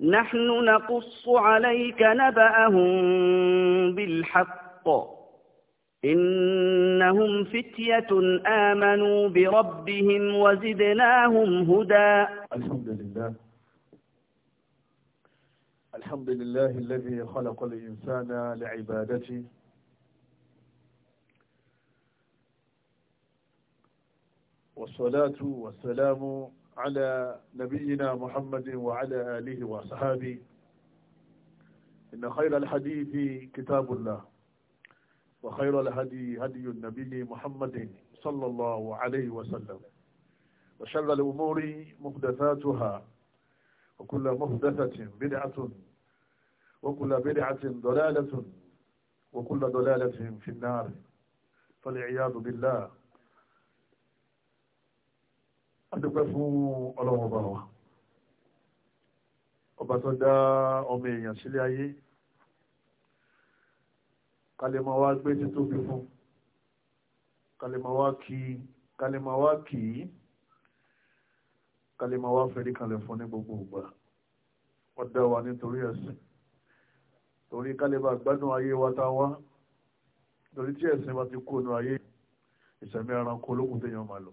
نحن نقص عليك نبأهم بالحق إنهم فتية آمنوا بربهم وزدناهم هدى الحمد لله الحمد لله الذي خلق الإنسان لعبادته والصلاة والسلام على نبينا محمد وعلى آله وصحابه إن خير الحديث كتاب الله وخير الهدي هدي النبي محمد صلى الله عليه وسلم وشر الأمور محدثاتها وكل محدثة بدعة وكل بدعة ضلالة وكل ضلالة في النار فالعياذ بالله adúpẹ́ fún ọlọ́run ọba wa ọba tó dá ọmọ èèyàn sílé ayé kalẹ̀mọ̀ wá gbé títóbi fún kalẹ̀mọ̀ wá kí kalẹ̀mọ̀ wá kì í kalẹ̀mọ̀ wá fẹ́rí kalẹ̀ fún ní gbogbo ìgbà ó dá wa nítorí ẹ̀sìn torí kalẹ̀bà gbádùn ayé wa tá wá torí tí ẹ̀sìn bá ti kó nu ayé ìṣẹ̀mí ẹranko olókùn téèyàn máa lọ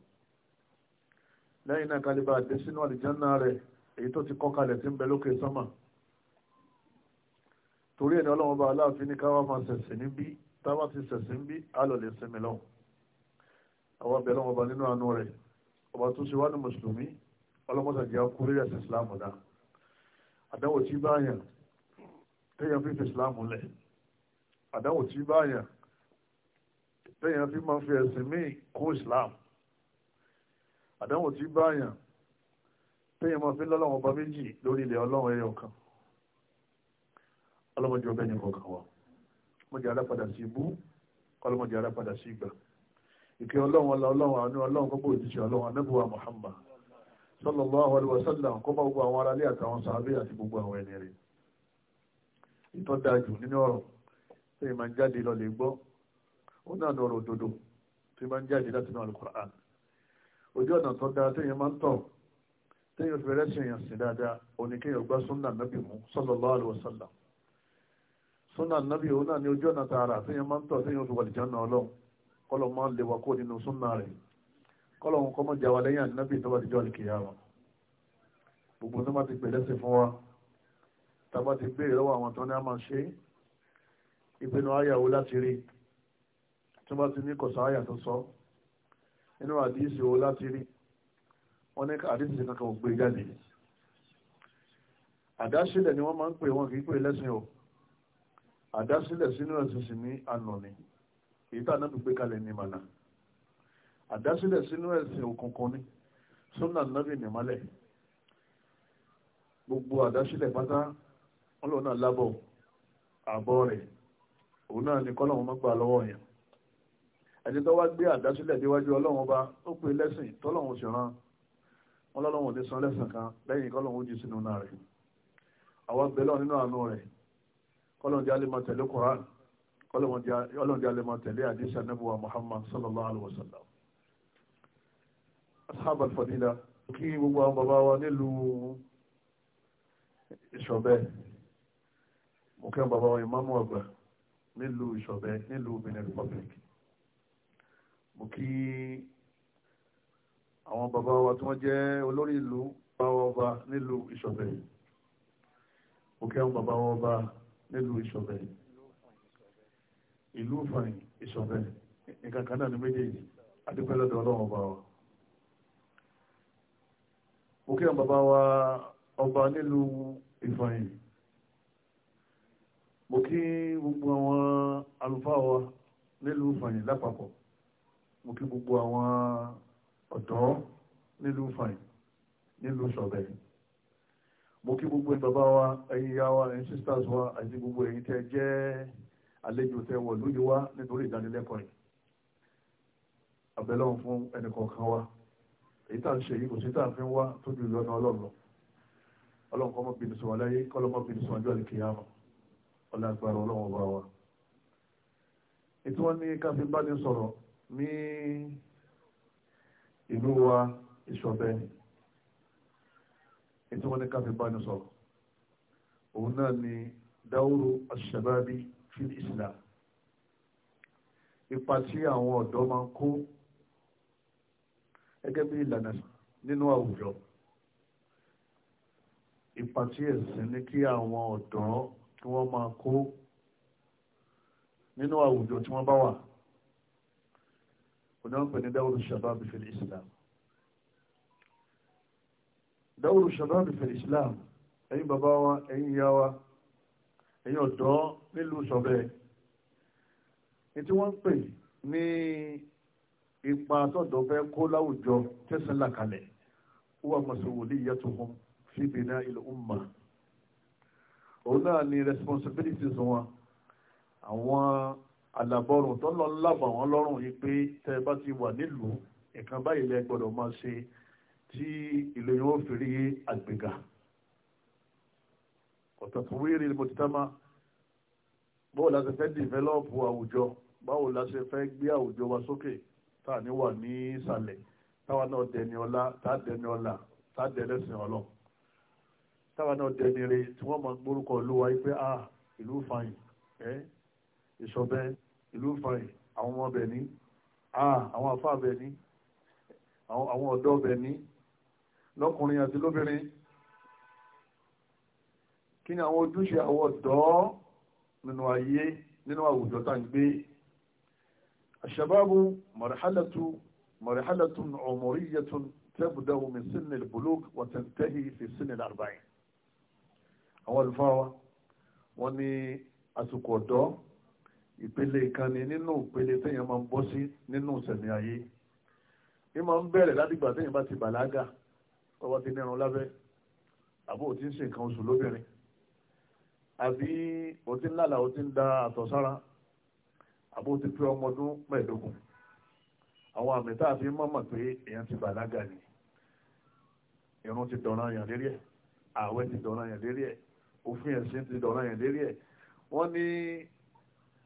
lẹ́yìn náà kálíbà dé sínú àlìjánná rẹ̀ èyí tó ti kọ́ kalẹ̀ tí ń bẹ lókè sánmà torí ẹni ọlọ́run bá aláàfin ní káwá máa ṣẹ̀sìn níbí táwa ti ṣẹ̀sìn bí alọ̀lẹ̀ sinmi lọ́wọ́ àwọn abẹ́ lọ́wọ́ ọba nínú àánú rẹ̀ ọba tó ṣe wá ní mùsùlùmí ọlọ́mọ́sàjẹ́ akúrẹ́ ẹ̀sìn islam dá àdáwò tí báyàn téèyàn fi fi islam lẹ̀ àdáwò tí báyàn téèyàn fi máa fi ẹ̀sìn míì kún islam àdánwò tí báyàn téèyàn máa fi ń lọ́lọ́wọ́ ọba méjì lórí ilẹ̀ ọlọ́run ẹyọ kan ọlọ́mọdé ọbẹ̀ yẹn kọ̀ọ̀kan wa mọ̀jẹ̀ alápadà sí ibú ọlọ́mọdé alápadà sí ìgbà ìkẹ́ ọlọ́run ọlá ọlọ́run àánú ọlọ́run kọ́kọ́ òjijì ọlọ́run anábùwà Muhammad sallallahu alaihi wasallam kọ́ bá gbogbo àwọn aráalé àtàwọn sàábé àti gbogbo àwọn ẹni rẹ̀ ìtọ́ dájú nínú ọ̀rọ̀ tí ìmọ̀ jáde lọ lè gbọ́ ó náà lọ́rọ̀ òdodo tí ìmọ̀ jáde láti náà Al-Qur'an ojú ọ̀nà tó dáa téèyàn máa ń tọ̀ téèyàn fi rẹ́sìn èèyàn sí dáadáa oníkéèyàn gbá súnà nábì mú sallallahu alaihi wasallam súnà nábì òun náà ní ojú ọ̀nà tààrà téèyàn máa ń tọ̀ téèyàn fi wàlìjà náà lọ kọ́lọ̀ máa ń lè wá kó nínú súnà rẹ̀ kọ́lọ̀ ń kọ́mọ́ jà wá lẹ́yìn ànábì tó bá ti jọ́ ìkìyà gbogbo inú àdíṣe o láti rí wọ́n ní àdíṣe kankan ògbé jáde àdásílẹ̀ ni wọ́n máa ń pè wọn kìí pè lẹ́sìn o àdásílẹ̀ sínú ẹ̀sìn sì ní ànà ni èyí tá náà gbé kalẹ̀ ní mànà àdásílẹ̀ sínú ẹ̀sìn òkùnkùn ni súnà nábì nìmọ́lẹ̀ gbogbo àdásílẹ̀ pátá wọn lòun náà lábọ̀ àbọ̀ rẹ̀ òun náà ni kọ́lọ̀ wọn mọ́ gbà lọ́wọ́ yẹn ẹni tó wá gbé àdásílẹ̀ déwájú ọlọ́run ọba ó pè lẹ́sìn tọ́lọ́run sì rán wọn lọ́lọ́run lè san lẹ́sìn kan lẹ́yìn kọ́lọ́run jù sínú náà rẹ̀ àwọn bẹ́lọ̀ nínú àánú rẹ̀ kọ́lọ́run koran kọ́lọ́run alẹ́ máa tẹ̀lé àdísà nẹ́bùwà muhammad sallallahu alayhi wa ashab al-fadila kí gbogbo àwọn bàbá wa nílùú ìṣọ̀bẹ́ mo kẹ́ bàbá wa ìmáàmù nílùú nílùú benin republic mo kí àwọn bàbá wa tí wọ́n jẹ́ olórí ìlú báwa ọba nílùú ìṣọ̀bẹ̀ mo kí àwọn bàbá wa ọba nílùú ìṣọ̀bẹ̀ ìlú ìfàyìn ìṣọ̀bẹ̀ nǹkan kan náà ní méjèèjì adúpẹ́ lọ́dọ̀ ọlọ́run ọba wa mo kí àwọn bàbá wa ọba nílùú ìfàyìn mo kí gbogbo àwọn àlùfáà wa nílùú ìfàyìn lápapọ̀ mo kí gbogbo àwọn ọ̀dọ́ nílùú fàìn nílùú sọ̀bẹ̀ mo kí gbogbo ẹ̀yin wa ẹ̀yin ìyá wa ẹ̀yin sisters wa àti gbogbo ẹ̀yin tẹ́ jẹ́ àlejò tẹ́ wọ̀ lóyè wa nítorí ìdánilẹ́kọ̀ọ́ yìí àbẹ̀lọ́run fún ẹnìkọ̀ọ̀kan wa èyí tá à ń ṣe yìí kò sí tá à ń fi wá tójú ìyọ́nà ọlọ́run lọ ọlọ́run kọ́ mọ́ bínú sọ wà láyé kọ́lọ́ mọ́ bínú sọ àjọ àlùkìyàmọ̀ ọlọ́run agbára ọlọ́run ọba wa ètò ní káfíńbá ní sọ̀rọ̀ ní ìlú wa ìṣọ̀bẹ ni ètò wọn ní káfí báni sọ̀rọ̀ òun náà ni dáúrú aṣàbábí fil Islam ipa tí àwọn ọ̀dọ́ máa ń kó gẹ́gẹ́ bí ìlànà nínú àwùjọ ipa tí ẹ̀sìn ní kí àwọn ọ̀dọ́ tí wọ́n máa kó nínú àwùjọ tí wọ́n bá wà onáwọ̀pẹ̀ ní dáwọ̀rù shabab fil islam dáwọ̀rù shabab fil islam ẹ̀yin bàbá wa ẹ̀yin ìyá wa ẹ̀yin ọ̀dọ́ nílùú sọ̀bẹ̀ ní tí wọ́n ń pè ní ipa tọ́dọ̀ fẹ́ kó láwùjọ tẹ́sán làkàlẹ̀ wọ́n masuliyatuhum fi bina'il umma òun náà ni responsibilities wọn àwọn àlàbọ̀rùn tó lọ lábà wọ́n lọ́rùn yìí pé tẹ́ ẹ bá ti wà nílùú nǹkan báyìí lẹ gbọ́dọ̀ máa ṣe tí ìlú yẹn ó fi rí àgbéga ọ̀tọ̀ tó wí rí mọ̀títàmá báwo la ṣe fẹ́ dìvẹ́lọ́pù àwùjọ báwo la ṣe fẹ́ gbé àwùjọ wa sókè tá à ní wà ní ìsàlẹ̀ táwa náà dẹni ọlá tá a dẹni ọlá tá a dẹlẹ́sìn ọlọ́ táwa náà dẹni re tí wọ́n máa gbórúkọ olúwa yìí pé ah ìlú fàyìn ẹ́ ìṣọ̀bẹ́ ìlú fàì àwọn ọmọ ọbẹ̀ ní àwọn afá ọbẹ̀ ní àwọn ọ̀dọ́ ọbẹ̀ ní lọ́kùnrin àti lóbìnrin kí ni àwọn ojúṣe àwọn ọ̀dọ́ nínú ayé nínú àwùjọ tá ń gbé àṣàbábù marhalatu marhalatun umuriyyatun tabda'u min sinni al-bulugh fi sinni al àwọn àlùfáà wọ́n ní àsìkò ọ̀dọ́ ìpele kan ni nínú ìpele téèyàn máa ń bọ́ sí nínú ìṣẹ̀mí ayé ní máa ń bẹ̀rẹ̀ látìgbà téèyàn bá ti bàlágà ọba ti nírun lábẹ́ àbó ò ti ń ṣe nǹkan oṣù lóbìnrin àbí ò ń lálàá ò ń da àtọ̀sára àbó ò pé ọmọ ọdún mẹ́ẹ̀ẹ́dógún àwọn àmì tá a fi mọ̀mọ̀ pé èèyàn ti bàlágà ni irun ti dọ̀ràn yàn lérí ẹ̀ ààwẹ̀ ti dọ̀ràn yàn lérí ẹ̀ òfin ẹ̀sìn ti dọ̀ràn yàn lérí ẹ̀ wọ́n ní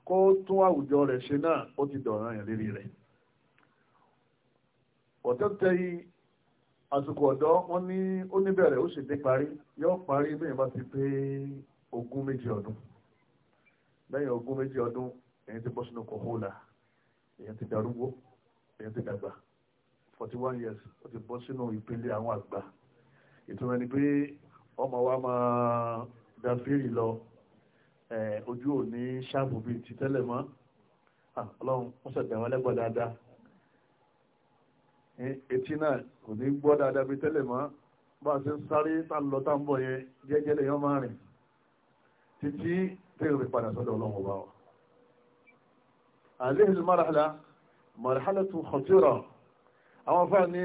kó tún àwùjọ rẹ̀ ṣe náà ó ti dọ̀ràn yẹn lérí rẹ̀ ọ̀tẹ́tẹ́ yìí àsìkò ọ̀dọ́ wọn ní ó ní bẹ̀rẹ̀ ó sì dé parí yóò parí bẹ́ẹ̀ bá ti pé ogún méjì ọdún lẹ́yìn ogún méjì ọdún èyàn ti bọ́ sínú kòhólà èyàn ti darúgbó èyàn ti dàgbà forty one years ó ti bọ́ sínú ìpele àwọn àgbà ìtumọ̀ ni pé ọmọ wa máa da fírì lọ ojú ò ní ṣáàbù bíi ti tẹ́lẹ̀ mọ́ ah, ọlọ́run wọ́n sọ̀tẹ̀ wọn lẹ́gbọ́ dáadáa etí náà kò ní gbọ́ dáadáa bíi tẹ́lẹ̀ mọ́ bá a ṣe ń sáré tá ń lọ tá ń bọ̀ yẹn jẹ́jẹ́ lèèyàn máa rìn títí tẹ́lẹ̀ rẹ̀ padà sọ́dọ̀ ọlọ́run ọba wa. àlehìn marhala marhala tún kọ̀tìrọ̀ àwọn fáà ní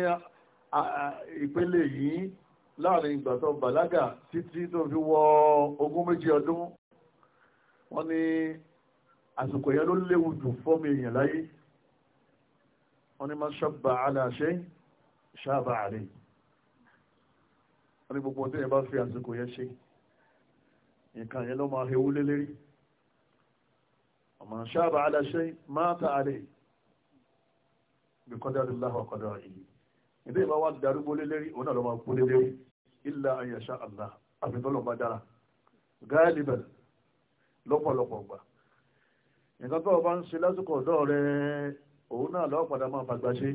ìpele yìí láàrin ìgbà tó bàlágà títí tó fi wọ ogún méjì ọdún wọ́n ní àsìkò yẹn ló léwu jù fọ́ọ̀mù èèyàn láyé wọ́n ní máa ṣọ́bà aláṣẹ ṣáàbà àrẹ wọ́n ní gbogbo ọdún yẹn bá fi àsìkò yẹn ṣe nǹkan yẹn ló máa hewu lélẹ́rí ọmọ ṣáàbà aláṣẹ máa ta àrẹ bí kọ́dá lọ́wọ́ kọ́dá yìí ilé ìbá wa darúgbó lélẹ́rí òun náà ló máa kú lélẹ́rí ilà àyàṣá àlá àfihàn lọ́ba dára gáàlì bẹ̀rẹ̀ lọ́pọ̀lọpọ̀ gbà nǹkan tó o bá ń ṣe lásìkò ọ̀dọ́ rẹ òun náà lọ́wọ́ padà máa fàgbà ṣe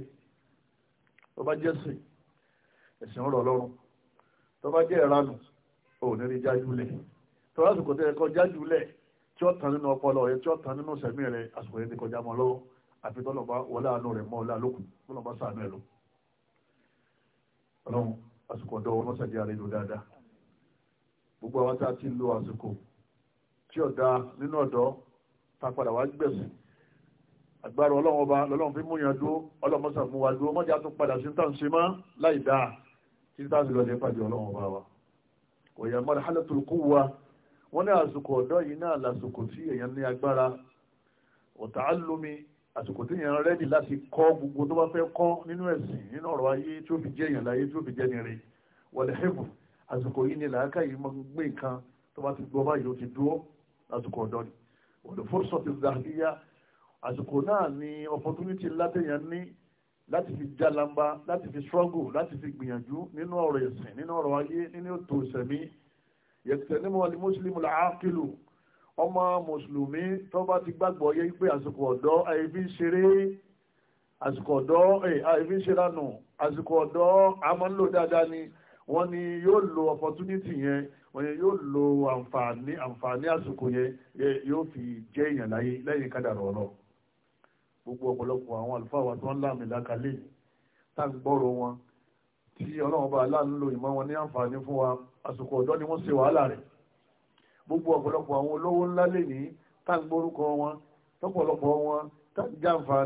tó bá jẹ́ sìn ẹ̀sìn ọ̀rọ̀ ọlọ́run tó bá jẹ́ ìranù òun ní rí jájúlẹ̀ tó tó yẹ tí ó nínú ọpọlọ rẹ tí ó nínú sẹ̀mí rẹ àsìkò yẹn ti kọjá mọ́ lọ́wọ́ àfi tí ọ̀dà nínú ọ̀dọ́ ta padà wá gbẹ̀sìn agbára ọlọ́run ọba lọ́lọ́run fi múyàn dúó ọlọ́mọ́sàn mú wa dúó mọ́jà tún padà sí tán ṣe máa láì dáa kí tá sí lọ́dẹ̀ pàdé ọlọ́run ọba wa òyà mọ́ra hálẹ́tùrù kú wa wọ́n ní àsìkò ọ̀dọ́ yìí náà lásìkò tí èèyàn ní agbára ọ̀tá alómi àsìkò tí èèyàn rẹ́dì láti kọ́ gbogbo tó bá fẹ́ kọ́ nínú ẹ̀sìn nínú ọ̀rọ̀ ayé tí ó fi jẹ́ èèyàn láyé tí ó fi jẹ́ nire wọ̀lẹ́hẹ́bù àsìkò yìí ni làákàyè mọ́ gbé nǹkan tó bá ti gbọ́ báyìí ó ti dúó lásìkò ọ̀dọ́ ni olùfọ́sọ̀ ti zàkíyá àsìkò náà ni opportunity látẹ̀yàn ní láti fi jálamba láti fi struggle láti fi gbìyànjú nínú ọ̀rọ̀ ẹ̀sìn nínú ọ̀rọ̀ ayé nínú ètò ìsẹ̀mí yẹtẹ̀ ní mọ́ni mùsùlùmí làákìlù ọmọ mùsùlùmí tó bá ti gbàgbọ́ yẹ pé àsìkò ọ̀dọ́ àìfi ṣeré àsìkò ọ̀dọ́ àìfi eh, ṣeránù àsìkò ọ̀dọ́ àmọ́ ń dáadáa ni wọ́n ní yóò lo opportunity yẹn wọ́n ní yóò lo àǹfààní àǹfààní àsìkò yẹn yóò fi jẹ́ èèyàn láyé lẹ́yìn kádàrọ̀ ọ̀rọ̀ gbogbo ọ̀pọ̀lọpọ̀ àwọn àlùfáà wa tó ń láàmì lákàlẹ̀ tá ń gbọ́rọ̀ wọn tí ọlọ́run bá aláàánú lo ìmọ̀ wọn ní àǹfààní fún wa àsìkò ọ̀dọ́ ni wọ́n ṣe wàhálà rẹ̀ gbogbo ọ̀pọ̀lọpọ̀ àwọn olówó ńlá lè ní tá ń gbórúkọ wọn lọ́pọ̀lọpọ̀ wọn tá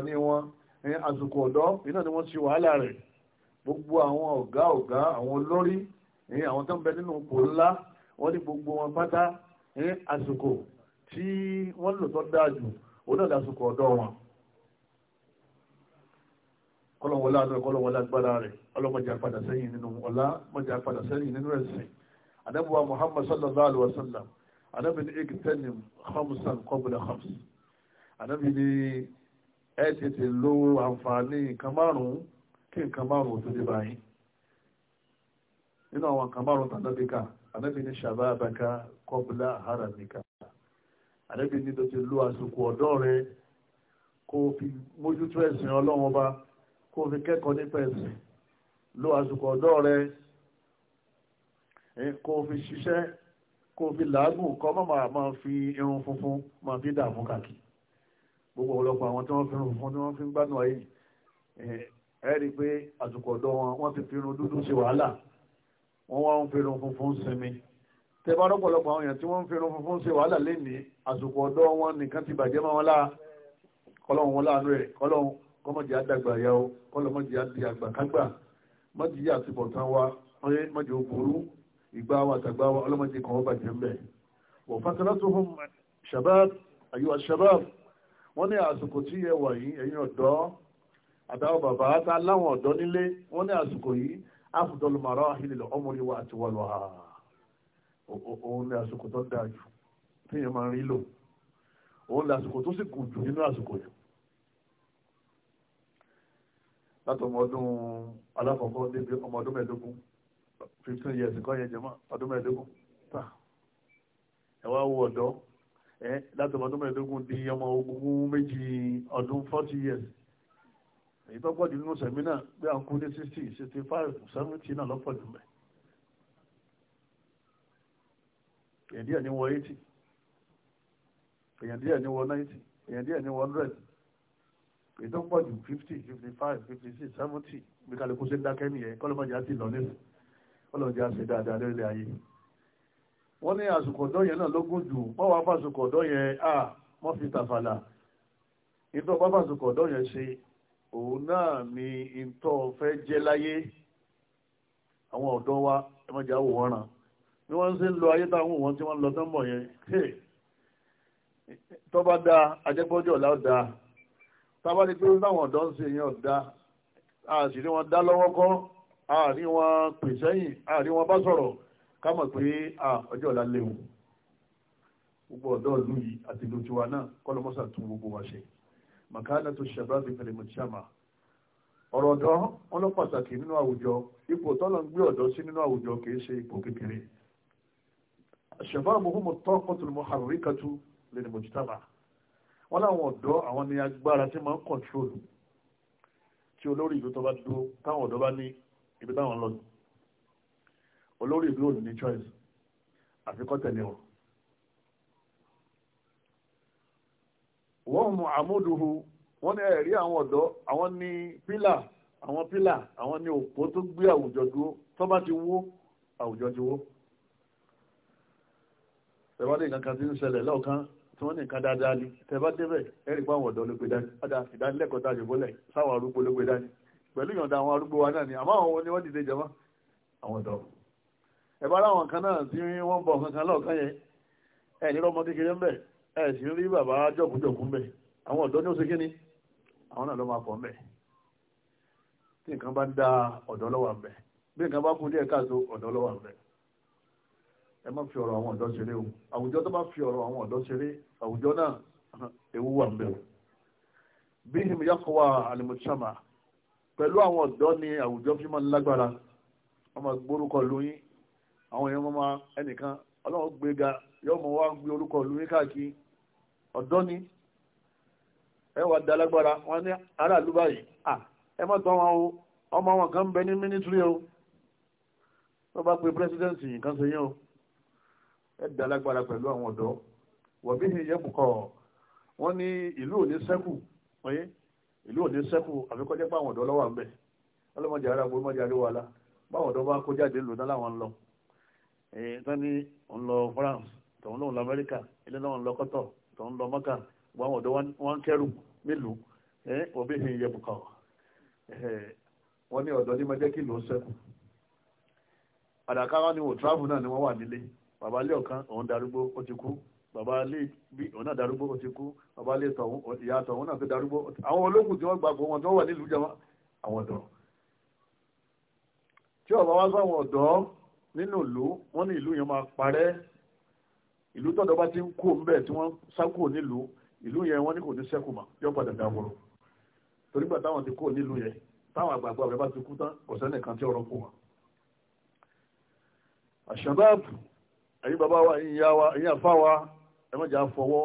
ń wọn àsìkò ọ̀dọ́ iná ni wọ́n ṣe wàhálà rẹ̀ gbogbo àwọn ọ̀gá ọ̀gá àwọn olórí eh, àwọn tó ń bẹ nínú ipò ńlá wọ́n ní gbogbo wọn pátá eh, àsìkò tí wọ́n lò tó dáa jù òun náà lásìkò ọ̀dọ́ wọn kọlọ̀wọ̀lá náà kọlọ̀wọ̀lá gbára rẹ̀ ọlọ́mọjà padà sẹ́yìn nínú ọlá mọjà padà sẹ́yìn nínú ẹ̀sìn anábíwá Muhammad sallallahu alaihi wa sallam anábí ní iqtanim khamsan qabla khams anábí ní ẹ̀ tètè lo àǹfààní kan ún kí nǹkan márùn-ún tó dé báyìí nínú àwọn nǹkan márùn-ún tàbíkà àdẹ́bí ní ṣàbábàkà kọ́bùlá àhárà nìkà àdẹ́bí ní tó ti lo àsìkò ọ̀dọ́ rẹ kó fi mójútó ẹ̀sìn ọlọ́run ọba kó fi kẹ́kọ̀ọ́ nípa ẹ̀sìn lo àsìkò ọ̀dọ́ rẹ kó fi ṣiṣẹ́ kó fi làágùn kọ́ mọ́ máa fi irun funfun máa fi dààmú kàkì gbogbo ọ̀pọ̀lọpọ̀ àwọn tí wọ́n fi irun funfun tí wọ́n fi ń gbádùn ayé ẹ̀rí pé àsìkò ọ̀dọ́ wọn wọ́n ti fi irun dúdú ṣe wàhálà wọ́n wá ń fi irun funfun sinmi tẹ́ bá rọ́pọ̀lọpọ̀ àwọn èèyàn tí wọ́n ń fi irun funfun ṣe wàhálà lénìí àsìkò ọ̀dọ́ wọn nìkan ti bàjẹ́ mọ́ wọn láà kọ́lọ́hún wọn láàánú rẹ̀ kọ́lọ́hún kọ́mọ̀jì àdàgbà yà ó kọ́lọ́mọ̀jì kágbà mọ́jì yà ti bọ̀ wa ọyẹ mọ́jì ìgbà wa tàgbà wa ọlọ́mọ̀jì kan wọ́n bàjẹ́ ń bẹ̀. wọ́n fatara tó fún shabab àyùwà shabab wọ́n ní àsìkò tí yẹ wà yìí ẹ̀yin ọ̀dọ́ àtàwọn bàbá tá láwọn ọ̀dọ́ nílé wọ́n ní àsìkò yìí afdal marahil al-umri wa atwalaha òun ní àsìkò tó dáa jù téèyàn máa ń rí lò òun ní àsìkò tó sì kù jù nínú àsìkò yìí látọmọ ọdún alákọ̀ọ́kọ́ débi ọmọ ọdún mẹ́ẹ̀ẹ́dógún fifteen years kọ́ yẹn jẹ́mọ́ ọdún mẹ́ẹ̀ẹ́dógún tà ẹ wá wo ọ̀dọ́ ẹ látọmọ ọdún mẹ́ẹ̀ẹ́dógún di ọmọ ogún méjì ọdún forty years èyí tó pọ̀jù nínú sẹ̀mí náà bí àwọn kún ní sixty sixty five seventy náà lọ́pọ̀ jù mẹ́. èyàn díẹ̀ ní wọ eighty èyàn díẹ̀ ní wọ ninety èyàn díẹ̀ ní wọ hundred èyí tó pọ̀jù fifty fifty five fifty six seventy bí kálukú ṣe ń dákẹ́ nìyẹn kọ́lọ́mọdé á ti lọ nísìn kọ́lọ́mọdé á ṣe dáadáa lórílẹ̀ ayé wọ́n ní àsùkò ọ̀dọ́ yẹn náà lógún jù wọ́n wá ọ̀dọ́ yẹn à wọ́n fi tàfàlà ìtọ́ bá ọ̀dọ́ yẹn ṣe òun náà ni ìtọ́ fẹ́ jẹ́ láyé àwọn ọ̀dọ́ wa ẹ má jà wò wọ́n ràn bí wọ́n ṣe ń lọ ayé táwọn òun tí wọ́n lọ tán mọ̀ yẹn tó bá dáa ajẹ́gbọ́jọ́ ọ̀la dáa tábà ní pé táwọn ọ̀dọ́ ń ṣe yẹn ọ̀dá àti ní wọn dá lọ́wọ́ kọ́ àrí wọn pè sẹ́yìn àrí wọn bá sọ̀rọ̀ ká mọ̀ pé ọjọ́ ọ̀la léwu gbogbo ọ̀dọ́ ìlú yìí àti ìlú tiwa náà kọ́lọ́mọ́sà tún gbogbo wa ṣe makana tó ṣàbáàbí pẹ̀lú mọ̀tíṣàmà ọ̀rọ̀ ọ̀dọ́ wọn lọ pàtàkì nínú àwùjọ ipò tọ́lọ̀ ń gbé ọ̀dọ́ sí nínú àwùjọ kìí ṣe ipò kékeré ṣàbáàbù hùmù tọ́kọ̀tù mọ̀hàríkàtù lẹ́nu mọ̀tíṣàmà wọn láwọn ọ̀dọ́ àwọn ni agbára tí máa ń kọ̀ntrólù tí olórí ìlú tó bá dúró táwọn ọ̀dọ́ bá ní ibi táwọn lọ olórí ìlú ò ní choice àfikọ́ tẹ̀lé wọn wọ́n mú àmúdùhù wọ́n ní ẹ̀rí àwọn ọ̀dọ́ àwọn ní pílà àwọn pílà àwọn ní òpó tó gbé àwùjọ dúró tó bá ti wó àwùjọ ti wó. tẹ̀wá ní nǹkan kan ti ń ṣẹlẹ̀ lọ́ọ̀kan tí wọ́n ní nǹkan dáadáa ni tẹ̀wá débẹ̀ ẹ̀rí pa àwọn ọ̀dọ́ ló gbé dání padà ìdánilẹ́kọ̀ọ́ tá a yòbó lẹ̀ sáwọn arúgbó ló gbé dání pẹ̀lú ìyọ̀ǹda àwọn arúgbó wa náà ni àmọ́ àwọn ni wọ́n dìde jẹmọ́ àwọn ọ̀dọ́ ẹ̀bá láwọn kan náà tí wọ́n ẹ̀ sì rí bàbá jọ̀kújọ̀kú mbẹ̀ àwọn ọ̀dọ́ ní ó ṣe kí ni àwọn náà ló máa pọ̀ mbẹ̀ tí nǹkan bá ń da ọ̀dọ́ lọ́wọ́ mbẹ̀ bí nǹkan bá kú díẹ̀ káàtó ọ̀dọ́ lọ́wọ́ mbẹ̀ ẹ má fi ọ̀rọ̀ àwọn ọ̀dọ́ ṣeré o àwùjọ tó bá fi ọ̀rọ̀ àwọn ọ̀dọ́ ṣeré àwùjọ náà ewu wà mbẹ̀ o bí ìhìn yàkọ̀wà àlùmọ̀tìṣàmà pẹ̀lú àwọn ọ̀dọ́ ni àwùjọ fi máa ń lágbára wọ́n máa gbórúkọ lóyún àwọn èèyàn máa ẹnìkan ọlọ́run gbéga yóò mọ̀ wá gbé orúkọ lóyún káàkiri ọ̀dọ́ ni ẹ wà dá lágbára wọn ní aráàlú báyìí à ẹ má tọ́ wọn o ọmọ wọn kan bẹ ní mínísírì o wọ́n bá pe pírẹsidẹ́ǹsì nǹkan ṣe yín o ẹ dá lágbára pẹ̀lú àwọn ọ̀dọ́ wọ̀bí ni yẹ bùkọ́ wọn ní ìlú òní sẹ́kù oye ìlú òní sẹ́kù àfikọ́jẹ́ pé àwọn ọ̀dọ́ lọ́wọ́ à ń ara gbogbo ọmọdé ariwo ala báwọn ọ̀dọ́ bá kó jáde lò náà làwọn lọ èyí tán ní ń lọ France tòun lòun lọ Amẹ́ríkà ilé náà ń lọ kọ́tọ̀ tó ń lọ mọ́kà gbọ́n melu ọ̀dọ́ wọn kẹ́rù mélòó òbí hin iye bùkà wọ́n ní ọ̀dọ́ ní mẹ́jẹ́ ló ń sẹ́kù àdàkárá ni wò tíráàbù náà ni wọ́n wà nílé bàbá ilé ọ̀kan òun darúgbó ó ti kú bàbá ilé bí òun náà darúgbó ó ti kú bàbá ilé tọ̀hún ìyá tọ̀hún náà ti darúgbó àwọn ológun tí wọ́n gbàgbọ́ wọn tí ọ̀bá wá ní ìlú yẹn máa parẹ́ ìlú tọ́dọ̀ bá ti ń kó ń bẹ̀ tí wọ́n sákò nílùú ìlú yẹn wọ́n ní kò ní sẹ́kù mọ́ yọ padà dàwọ̀rọ̀ torí gbà táwọn ti kó nílùú yẹn táwọn àgbààgbà rẹ̀ bá ti kú tán kò sẹ́nì kan tí ọ̀rọ̀ kù wọn. àṣàbáàbù ẹ̀yin bàbá wa ẹ̀yin ìyá wa ẹ̀yin àfa wa ẹ má jà fọwọ́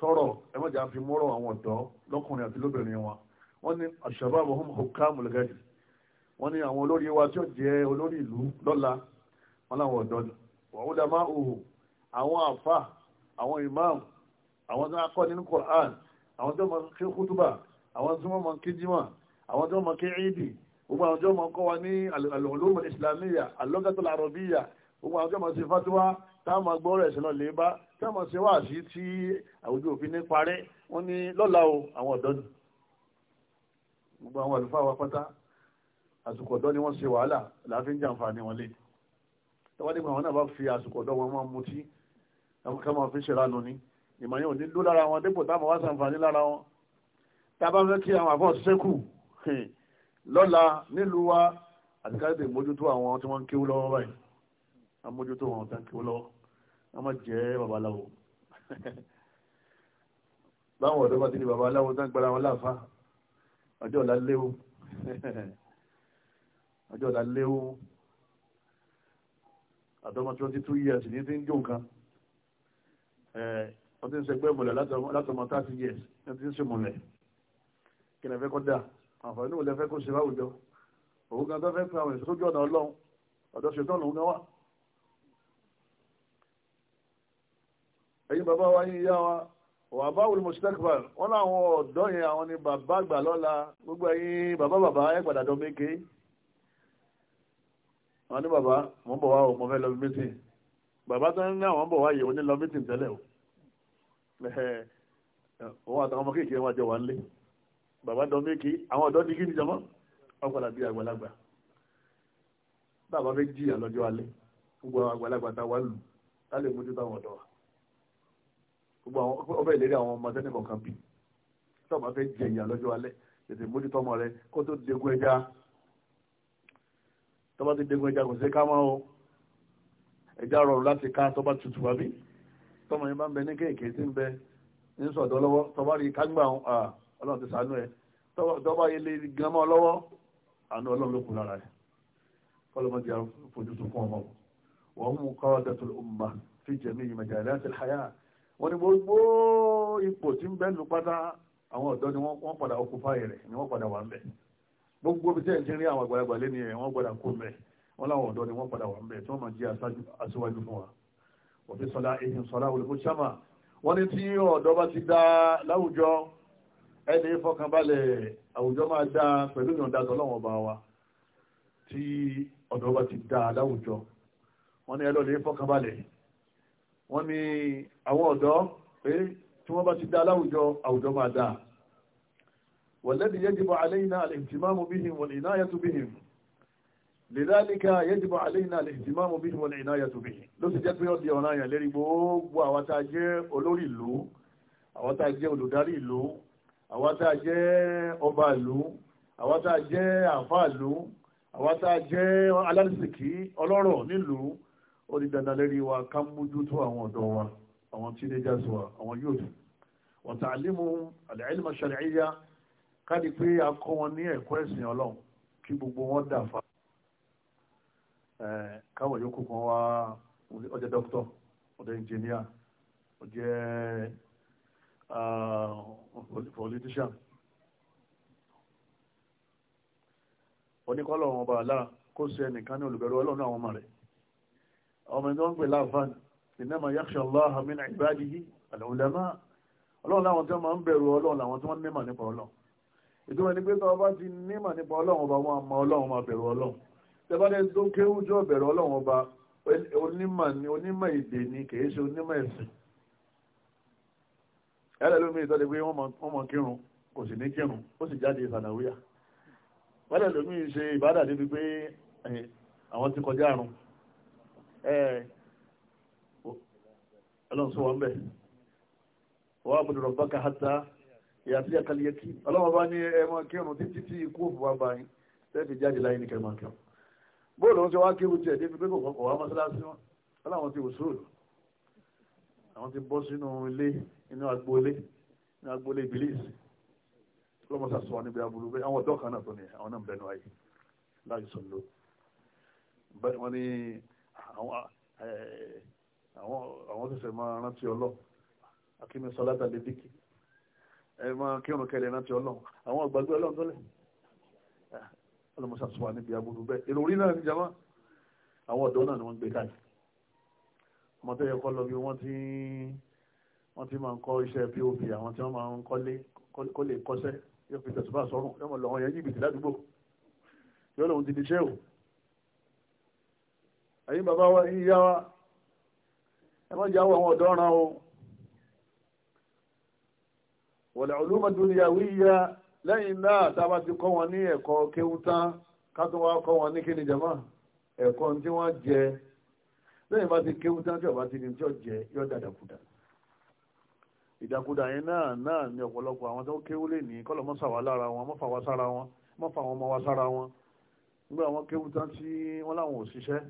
tọrọ ẹ má fi mọ́rọ̀ àwọn ọ̀dọ́ lọ́kùnrin àti lóbìnrin wọn wọ́n ní àwọn àfà àwọn imam àwọn tó ń kọ́ nínú Qur'an àwọn tó máa kí kútùbà àwọn tó máa kí jimá àwọn tó máa kí ìdì gbogbo àwọn tó máa kọ́ wa ní al-ulum al-islamiyya al-lughat al-arabiyya gbogbo àwọn tó máa ṣe fatuwa táwọn máa gbọ́ rẹ̀ sínú lè bá táwọn máa ṣe wá sí tí àwùjọ òfin ní parẹ́ wọ́n ní lọ́la o àwọn ọ̀dọ́ ni gbogbo àwọn àlùfáà wa pátá àsìkò ọ̀dọ́ ni wọ́n ṣe wàhálà láàfin jàǹfààní wọn lé tọ́wọ́ àwọn kan máa fi ṣèrànù ni ìmọ̀ yẹn ò ní ló lára wọn dépò táwọn wá sàǹfààní lára wọn tá a bá fẹ́ kí àwọn àbọ̀ ṣẹ́kù lọ́la nílùú wa àti ká lè mójútó àwọn tí wọ́n ń kéwú lọ́wọ́ báyìí a mójútó àwọn tí wọ́n ń kéwú lọ́wọ́ a má jẹ́ babaláwo báwọn ọ̀dọ́ bá ti di babaláwo tán gbára wọn láfa ọjọ́ ọ̀la léwu ọjọ́ ọ̀la léwu àtọ́mọ twenty two years ní ti ń jó nǹkan wọ́n ti ń ṣe gbẹ́mọ̀lẹ̀ látọmọ thirty years wọ́n ti ń ṣe mọ̀lẹ̀ kí ni ẹ fẹ́ kọ́ dà àǹfààní ní òlẹ́fẹ́ kó ṣe láwùjọ òun kan tó fẹ́ pé àwọn èso sójú ọ̀nà ọlọ́run ọ̀dọ̀ ṣetán lòun náà wà. ẹ̀yin bàbá wa yín yá wa wà bá wùlùmọ̀ sítákìfà wọn láwọn ọ̀dọ́ yẹn àwọn ni bàbá àgbà lọ́la gbogbo ẹ̀yin bàbá bàbá ẹ̀ gbàdàdọ́ méke wọn ní bàbá mò ń bọ̀ wá o mo fẹ́ lọ bí mítìn bàbá tó ń ní àwọn bọ̀ wáyé òní lọ mítìn tẹ́lẹ̀ o òun àtàwọn ọmọ kéèké wọn jọ wà nílé bàbá dán méèkì àwọn ọ̀dọ́ ní kí ni jọmọ́ ọ̀pọ̀lá bíi àgbàlagbà bàbá fẹ́ jìyà lọ́jọ́ alẹ́ gbogbo àwọn àgbàlagbà tá a wá lù tá a lè mójútó àwọn ọ̀dọ́ wa gbogbo àwọn ọbẹ̀ ìlérí àwọn ọmọ sẹ́ni kọ̀ọ̀kan bì tó bá fẹ́ jẹ ìyà lọ́jọ́ alẹ́ tètè mójútó ọmọ rẹ kó tó degun ẹja tó bá ti degun ẹja kò sí ká máa ẹ̀já rọrùn láti ká tọ́ bá tutù wá bí tọ́mọ yẹn bá ń bẹ ní kéèké tí ń bẹ ní sọ̀dọ̀ lọ́wọ́ tọ́ba rí kágbà ọlọ́run ti sànú ẹ̀ tọ́ba yẹn lè gan mọ́ lọ́wọ́ àánú ọlọ́run ló kù lára ẹ̀ kọ́lọ́mọ ti fojú tó fún ọmọ wọn mú qadatul umma fi jami'i majalatil hayat wọn ni gbogbo ipò tí ń bẹ lù pátá àwọn ọ̀dọ́ ni wọ́n padà ọkùnfà rẹ̀ ni wọ́n padà wà ń bẹ̀ gbogbo bí tẹ́ẹ̀ ti rí àwọn àgbàlagbà lé ni wọ́n gbọ́dọ̀ kó mẹ́ẹ̀ wọ́n láwọn ọ̀dọ́ ni wọ́n padà wà ń bẹ̀ tí wọ́n máa jẹ́ aṣíwájú fún wa òfin sọlá ehin sọlá olùkó sámà wọ́n ní tí ọ̀dọ́ bá ti dá láwùjọ ẹni fọkànbalẹ̀ àwùjọ máa dá pẹ̀lú ìyọ̀ǹda tọ́lọ́wọ̀n bá wa tí ọ̀dọ́ bá ti dá láwùjọ wọ́n ní ẹlọ́lẹ̀ fọkànbalẹ̀ wọ́n ní àwọn ọ̀dọ́ pé tí wọ́n bá ti dá láwùjọ àwùjọ máa dá wọ̀lẹ́ni yẹ́jìbọ̀ àlẹ́yìn lidhalika yajibu alayna al-ihtimamu bihi wal-inayatu bihi ló sì jẹ́ pé ó di ọ̀nà àyàn lérí gbogbo àwọn tá a jẹ́ olórí ìlú àwọn tá a jẹ́ olùdarí ìlú àwọn tá a jẹ́ ọba ìlú àwọn tá a jẹ́ àfa ìlú àwọn tá a jẹ́ alárìsìkí ọlọ́rọ̀ nílùú ó di dandan lérí wa ká mójútó àwọn ọ̀dọ́ wa àwọn teenagers wa àwọn youth wa ta'limuhum al-ilma ash Eh, káwọn yòókù kan wá ó jẹ́ dókítọ̀ ó jẹ́ ẹnjìníà ó jẹ́ eh, politician oníkọ́lọ̀ wọn bá lára kó sí ẹnìkan ní olùbẹ̀rù ọlọ́run àwọn ọmọ rẹ̀ ọmọ ẹni tó ń pè láàfáàn innama yakhsha Allaha min ibadihi al-ulama ọlọ́run láwọn tó máa ń bẹ̀rù ọlọ́run làwọn tó ń nímọ̀ nípa ọlọ́run ìdúró ẹni pé tó bá ti nímọ̀ nípa ọlọ́run ọba wọn àmọ́ ọlọ́run máa bẹ̀rù ọlọ́run tẹ́bálẹ̀ tó kéwú bẹ̀rẹ̀ ọlọ́run ọba onímọ̀ ni èdè ni kìí ṣe onímọ̀ ẹ̀sìn kírun kò sì ní kírun ó sì jáde ìsànàwíyà wọ́lẹ̀ ṣe ìbádà débi pé àwọn ti kọjá àrùn ọlọ́run wọ́n ka ìyàtí ọlọ́run ní bóòlù wọn ti wá kírun tiẹ̀ débi pé kò wá mọ́sálásí wọn aláwọn ti wòsúrò àwọn ti bọ́ sínú ilé inú agboolé inú agboolé ìbílíìsì lọ́mọ́sá sọ níbi aburú bẹ́ẹ̀ àwọn ọ̀dọ́ kan náà tó ní àwọn náà ń bẹnu ayé láì sọ ló wọ́n ní àwọn ṣẹ̀ṣẹ̀ máa rántí ọlọ́ akínú sọlátà lédìkì ẹ máa kírun kẹlẹ̀ rántí ọlọ́ àwọn àgbàgbé ọlọ́run tó lẹ̀ ọlọmọsà sọ wa níbi aburú bẹ́ẹ̀ èrò orí náà ní jama àwọn ọ̀dọ́ náà ni wọ́n ń gbé káyì ọmọdé yẹ kọ́ lọ bí wọ́n ti wọ́n ti máa ń kọ́ iṣẹ́ pop àwọn tí wọ́n máa ń kọ́lé kọ́lé kọ́sẹ́ yóò fi tẹ̀sùn bá sọ́rùn yóò mọ̀ lọ́wọ́ yẹn jìbìtì ládùúgbò yóò lòun ti di iṣẹ́ o ẹ̀yin bàbá wa yín yá wa ẹ má jáwọ́ àwọn ọ̀dọ́ ọ̀ràn o wal ulum ad lẹ́yìn náà tábà ti kọ́ wọn ní ẹ̀kọ́ kéwú tán ká tó wá kọ́ wọn ní kíni jama ẹ̀kọ́ tí wọ́n jẹ lẹ́yìn bá ti kéwú tán tí ọba ti ní tí ó jẹ yóò dàdàkúdà ìdàkúdà yẹn náà náà ni ọ̀pọ̀lọpọ̀ àwọn tó kéwú lè ní kọ́lọ̀ mọ́sà wá lára wọn mọ́fà wá sára wọn mọ́fà wọn mọ́ wá sára wọn nígbà wọn kéwú tán tí wọ́n láwọn ò ṣiṣẹ́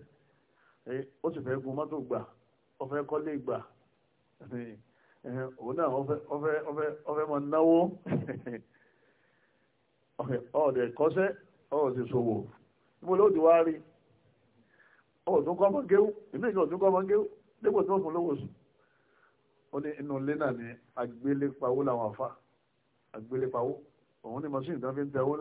ó sì fẹ́ gun mọ́tò gbà ó kọ́lé gbà òun náà ó fẹ́ máa náwó ọ̀dẹ̀ kọ́sẹ́ ọ̀dẹ̀ ṣòwò níbo ló ti wá rí ọ̀tún kọ́ mọ́géwú ìlú ìjọ ọ̀tún kọ́ mọ́géwú dípò tí wọ́n fún lówó sùn ó ní inú ilé náà ní agbélépawó làwọn àfa agbélépawó òun ní mọ́sí ìdánfí ń tẹ owó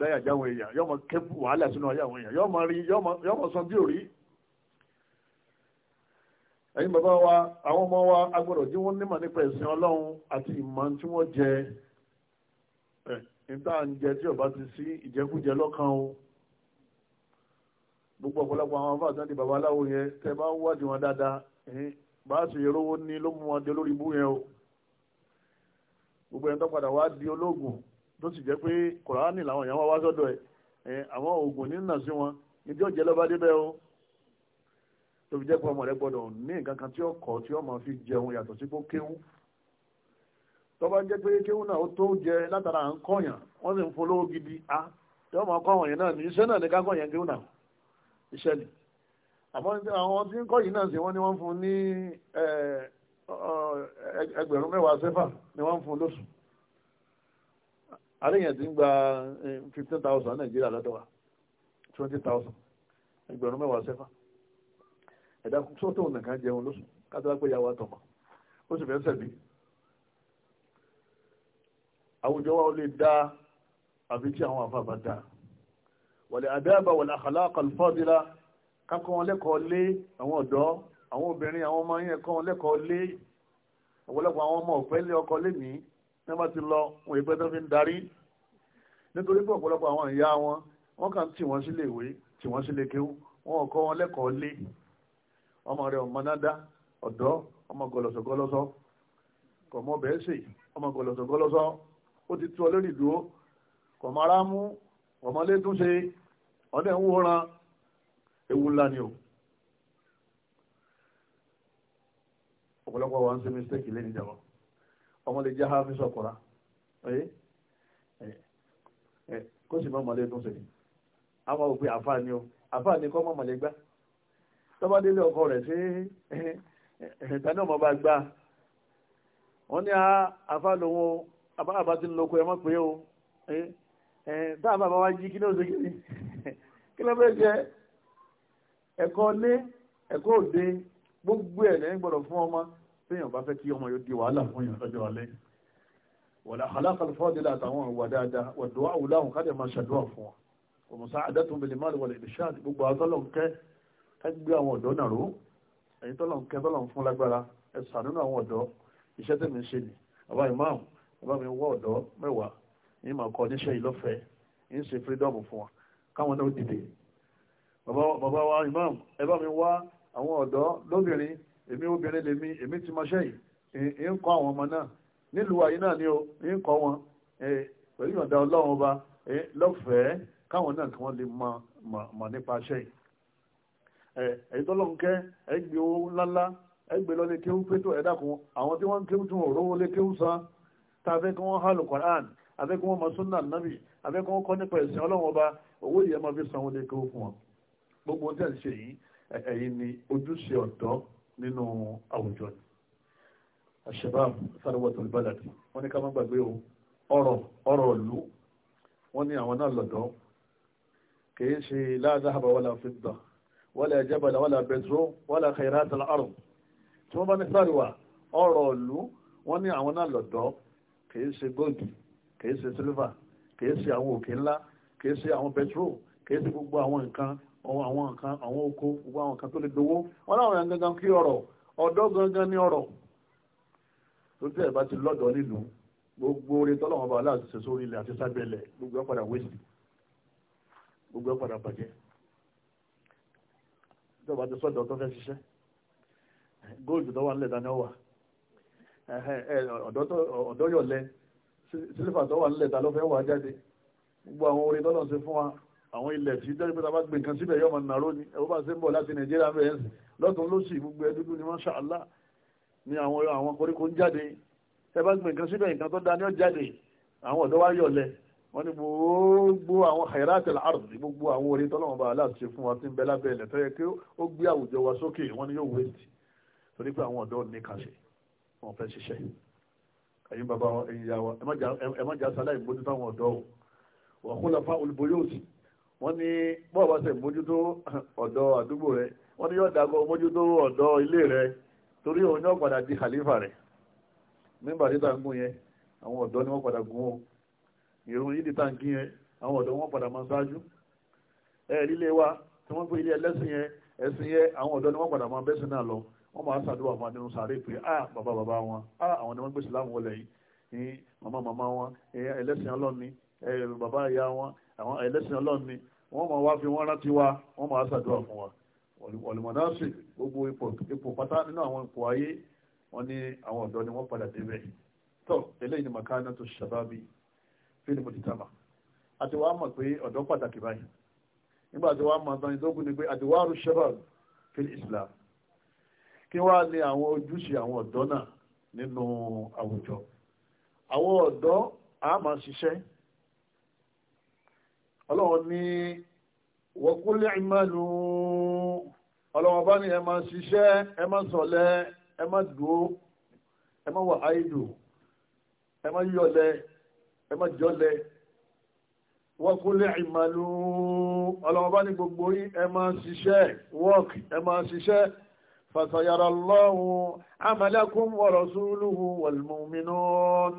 dáyà jáwọn èèyàn yóò mọ kẹ́pù wàhálà sínú ayé àwọn èèyàn yóò mọ rí yóò mọ sọ bí ò rí ẹ̀yin bàbá wa àwọn ọmọ wa a gbọ́dọ̀ jí wọ́n nímọ̀ nípa ẹ̀sìn ọlọ́run àti ìmọ̀ tí wọ́n jẹ ẹ̀ níta ń tí ọba ti sí ìjẹkújẹ lọ́kàn o gbogbo ọ̀pọ̀lọpọ̀ àwọn afáàtì náà di bàbá aláwo yẹn tẹ bá ń wádìí wọn dáadáa bá a sì rówó ní ló mú wọn dé lórí ibú yẹn o gbogbo ẹni tó padà wá di ológun tó sì jẹ́ pé kòránì làwọn èèyàn wá wá sọ́dọ̀ ẹ̀ àwọn oògùn nínà sí wọn ìdí ọ̀jẹ̀ lọ́ba débẹ̀ o. tó fi jẹ́ pé ọmọ rẹ gbọ́dọ̀ ní nǹkan tí ó kọ́ tí ó máa fi jẹun yàtọ̀ sí pé kéwú tó ń jẹ́ pé kéwú náà ó tó jẹ látara à wọ́n sì ń gidi a tí wọ́n máa kọ́ àwọn yẹn náà ní iṣẹ́ náà ní kéwú náà iṣẹ́ ni àmọ́ àwọn tí ń kọ́ yìí náà sí wọ́n wọ́n fún ní ẹgbẹ̀rún mẹ́wàá sẹ́fà ni wọ́n fún lóṣù ti ń gba fifteen thousand nàìjíríà lọ́dọ̀ wa twenty ẹ̀dá sọ́tò nìkan jẹun lóṣù kátàlá pé ìyàwó àtọ̀mọ̀ ó sì fẹ́ sẹ̀bi àwùjọ wa ó lè dá àbí tí àwọn àfa bá dá wàlẹ̀ àdáàbà wàlẹ̀ akhlaq al-fadila kákọ́ wọn lẹ́kọ̀ọ́ lé àwọn ọ̀dọ́ àwọn obìnrin àwọn ọmọ yẹn kọ́ wọn lẹ́kọ̀ọ́ lé ọ̀pọ̀lọpọ̀ àwọn ọmọ ọ̀fẹ́ lé ọkọ lénìí ní wọ́n ti lọ wọn ìgbẹ́ tó fi ń darí nítorí pé ọ̀pọ̀lọpọ̀ àwọn ìyá wọn wọ́n kàn tì wọ́n sílé ìwé tì wọ́n sílé kéwú wọn ò kọ́ wọn lẹ́kọ̀ọ́ lé ọmọ rẹ̀ ọmọ nádá ọ̀dọ́ ọmọ gọlọsọgọlọsọ kọmọ bẹ́ẹ̀sì ọmọ gọlọsọgọlọsọ ó ti tú ọ lórí ìdúró kọmọ aráàmú kọmọ létúnṣe ọdẹ ń wòran ewu ńlá ni o ọ̀pọ̀lọpọ̀ wa ń ṣe mistake lé ọmọ lè jẹ́ o tọ́ba délé ọkọ rẹ̀ ṣé ẹ̀ẹ́dá náà mọ̀ bá gbà wọ́n ní afá lòun àbá ti ń lóko ẹ̀ mọ́ pé o tá a bàbá wa jí kí ló ṣe kí ni kí ló fẹ́ jẹ ẹ̀kọ́ lé ẹ̀kọ́ òde gbogbo ẹ̀ lẹ́yìn gbọ́dọ̀ fún ọmọ téèyàn bá fẹ́ kí ọmọ yóò di wàhálà fún yàn lọ́jọ́ alẹ́ wọ̀lá alákàlùfọ́dé látàwọn ìwà dáadáa wọ̀dọ̀ àwùláhùn ká lè máa ṣàdúrà fún wọn òmùsà àdẹ́tùnbẹ̀lẹ̀ máa lè wọlé ìṣáàdì gbogbo àtọ́lọ̀ ká gbé àwọn ọ̀dọ́ náà ró ẹ̀yin tọ́lọ̀ ń kẹ́ tọ́lọ̀ ń fún lágbára ẹ ṣàánú àwọn ọ̀dọ́ iṣẹ́ tẹ̀mí ń ṣe nì bàbá imam bàbá mi wọ́ ọ̀dọ́ mẹ́wàá yín máa kọ́ níṣẹ́ yìí lọ́fẹ̀ẹ́ yín ṣe freedom fún wa káwọn náà dìde bàbá wa imam ẹ bá mi wá àwọn ọ̀dọ́ lóbìnrin èmi obìnrin lèmi èmi ti mọṣẹ́ yìí ń kọ́ àwọn ọmọ náà nílùú àyín náà ni o ń kọ́ wọn pẹ̀lú ìyọ̀ǹda ọlọ́run ọba lọ́fẹ̀ẹ́ káwọn náà kí wọ́n lè mọ̀ nípa aṣẹ́ yìí ẹ̀yin tó lọ́n kẹ́ ẹ̀ gbé owó ńláńlá ẹ̀ gbé lọ lé kéwú pétó ẹ̀ dákun àwọn tí wọ́n ń kéwú tí wọ́n rówó lé kéwú san tá a fẹ́ kí wọ́n hàlù Quran a fẹ́ kí wọ́n mọ súnà nàbì a fẹ́ kí wọ́n kọ́ nípa ẹ̀sìn Ọlọ́run ọba owó yẹn máa fi sanwó lé kéwú fún wọn gbogbo ohun tí a ń ṣe yìí ẹ̀yin ni ojúṣe ọ̀dọ́ nínú àwùjọ ni àṣẹbáàmù ṣe la zahaba wala fidda wala jabal wala petro wala khairat al-ard tí wọ́n bá ní sáríwá ọ̀rọ̀ ìlú wọ́n ní àwọn náà lọ́dọ̀ kìí ṣe góòdì kìí ṣe sílvà kìí ṣe àwọn òkè ńlá kìí ṣe àwọn petro kìí ṣe gbogbo àwọn nǹkan àwọn nǹkan àwọn oko gbogbo àwọn nǹkan tó lè dowó wọn láwọn yàn gangan kí ọrọ̀ ọ̀dọ́ gangan ní ọrọ̀ tó tẹ́ ẹ̀ bá ti lọ́dọ̀ nílùú gbogbo orin tọ́lọ́wọ́n bá sórí ilẹ̀ àti sábẹ́lẹ̀ gbogbo ẹ̀ padà wéṣì gbogbo ẹ̀ padà bàjẹ́ tó bá ti sọ́dọ̀ tó fẹ́ ṣiṣẹ́ góòlù tó wà nílẹ̀ dání ọwà ọ̀dọ́ yọ̀lẹ sílífà tó wà nílẹ̀ ta ló fẹ́ wà jáde gbogbo àwọn orin tọ́lọ̀ ṣe fún wa àwọn ilẹ̀ tí jẹ́ pé ta bá gbé nǹkan síbẹ̀ yọ̀ máa nàró ni ẹ̀wọ́ bá ṣe ń bọ̀ láti nàìjíríà bẹ̀rẹ̀ sí lọ́tún lóṣì gbogbo ẹdúdú ni masha Allah ni àwọn koríko ń jáde ẹ bá gbé nǹkan síbẹ̀ nǹkan tó dání ọ̀ jáde àwọn ọ̀dọ́ wa yọ̀lẹ̀ wọ́n ní gbogbo àwọn khairat al-ard gbogbo àwọn orí tọ́lọ́wọ́n bá aláàtú ṣe fún wa tí ń bẹ lábẹ́ ilẹ̀ tó yẹ kí ó gbé àwùjọ wa sókè wọ́n ní yóò wé ti torí pé àwọn ọ̀dọ́ ní kàṣe wọ́n fẹ́ ṣiṣẹ́ ẹ̀yin bàbá ẹ̀yin yà wá ẹ má jà sáláì mójútó àwọn ọ̀dọ́ o wọ́n kó lọ́fà olùbóyòsì wọ́n ní bọ́ọ̀ bá ṣe mójútó ọ̀dọ́ àdúgbò rẹ wọ́n ní yóò dàgọ́ ìrun yìí dìtà ń kí yẹn àwọn ọ̀dọ́ wọn padà máa ṣáájú ẹ̀rí ilé wa tí wọ́n pé ilé ẹlẹ́sìn yẹn ẹ̀sìn yẹn àwọn ọ̀dọ́ ni wọ́n padà máa bẹ́sìn náà lọ wọ́n máa ṣàdúrà máa nínú sàárè pé á bàbá bàbá wọn á àwọn ni wọ́n gbèsè láwọn wọlé yìí ní màmá màmá wọn ẹlẹ́sìn ọlọ́run ni bàbá ìyá wọn àwọn ẹlẹ́sìn ọlọ́run ni wọ́n máa wá fi wọ́n rántí wa wọ́n máa ṣàdúrà fún wa ọ̀lùmọ̀dáṣì gbogbo ipò pátá nínú àwọn ipò ayé wọn ni àwọn ọ̀dọ́ ni wọ́n padà débẹ̀ tó eléyìí ni màkánà tó ṣàbábí fi ni mo ti àti wàá mọ̀ pé ọ̀dọ́ pàtàkì báyìí nígbà tí wàá mọ̀ tán ìdógún ni pé àti islam kí wàá ní àwọn ojúṣe àwọn ọ̀dọ́ náà nínú àwùjọ àwọn ọ̀dọ́ a máa ṣiṣẹ́ ní wọ́kúlẹ̀ ìmánu bá ní ẹ máa ṣiṣẹ́ ẹ máa ẹ máa ẹ máa wà áìdù ẹ má jọlẹ wọ́n kúnlẹ̀ ìmàlú ọlọ́mọba ní gbogbo yín ẹ máa ṣiṣẹ́ work ẹ máa ṣiṣẹ́ fàṣàyàrá lọ́hùn amalakum wa rasuluhu wal mu'minun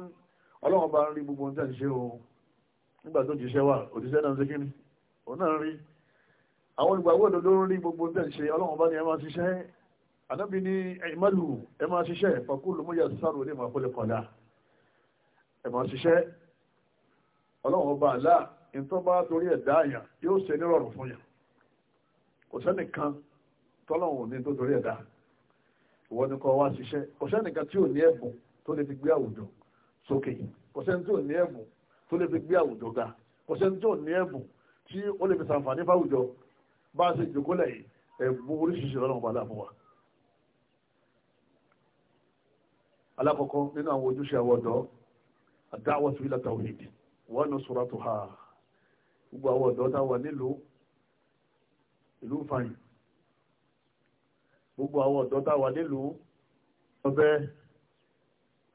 ọlọ́mọba ń rí gbogbo nǹkan ṣe o nígbà tó jíṣẹ́ wà òjíṣẹ́ náà ṣe kíni òun náà rí àwọn olùgbàgbọ́ òdodo ń rí gbogbo nǹkan ṣe ọlọ́mọba ní ẹ ṣiṣẹ́ ànábì ní ìmàlú ẹ ṣiṣẹ́ fàkúlùmọ́yà sáró ní màkúlẹ̀ kọ̀dá ẹ ṣiṣẹ́ ọlọ́run ọba àlá ìtọ́ bá torí ẹ̀dá àyàn yóò ṣe nírọ̀rùn fún yàn kò sẹ́nìkan tọ́lọ́run ò ní tó torí ẹ̀dá ìwọ ni kọ́ wá ṣiṣẹ́ kò sẹ́nìkan tí ò ní ẹ̀bùn tó lè fi gbé àwùjọ sókè kò sẹ́ni tí ò ní ẹ̀bùn tó lè fi gbé àwùjọ ga kò sẹ́ni tí ò ní ẹ̀bùn tí ó lè fi sàǹfààní fáwùjọ bá a ṣe jòkó lẹ́yìn ẹ̀bùn oríṣiríṣi lọ́nà ọba aláàbọ̀ wa. alákọ̀ọ́kọ́ nínú àwọn ojúṣe àwọn ọ̀dọ́ àdáwọ̀ sí ilẹ̀ tàwíìdì wọ́n nù sọ̀rọ̀ tó ha gbogbo àwọn ọ̀dọ́ tá a wà nílùú ìlú fàyìn gbogbo àwọn ọ̀dọ́ tá a wà nílùú ọbẹ̀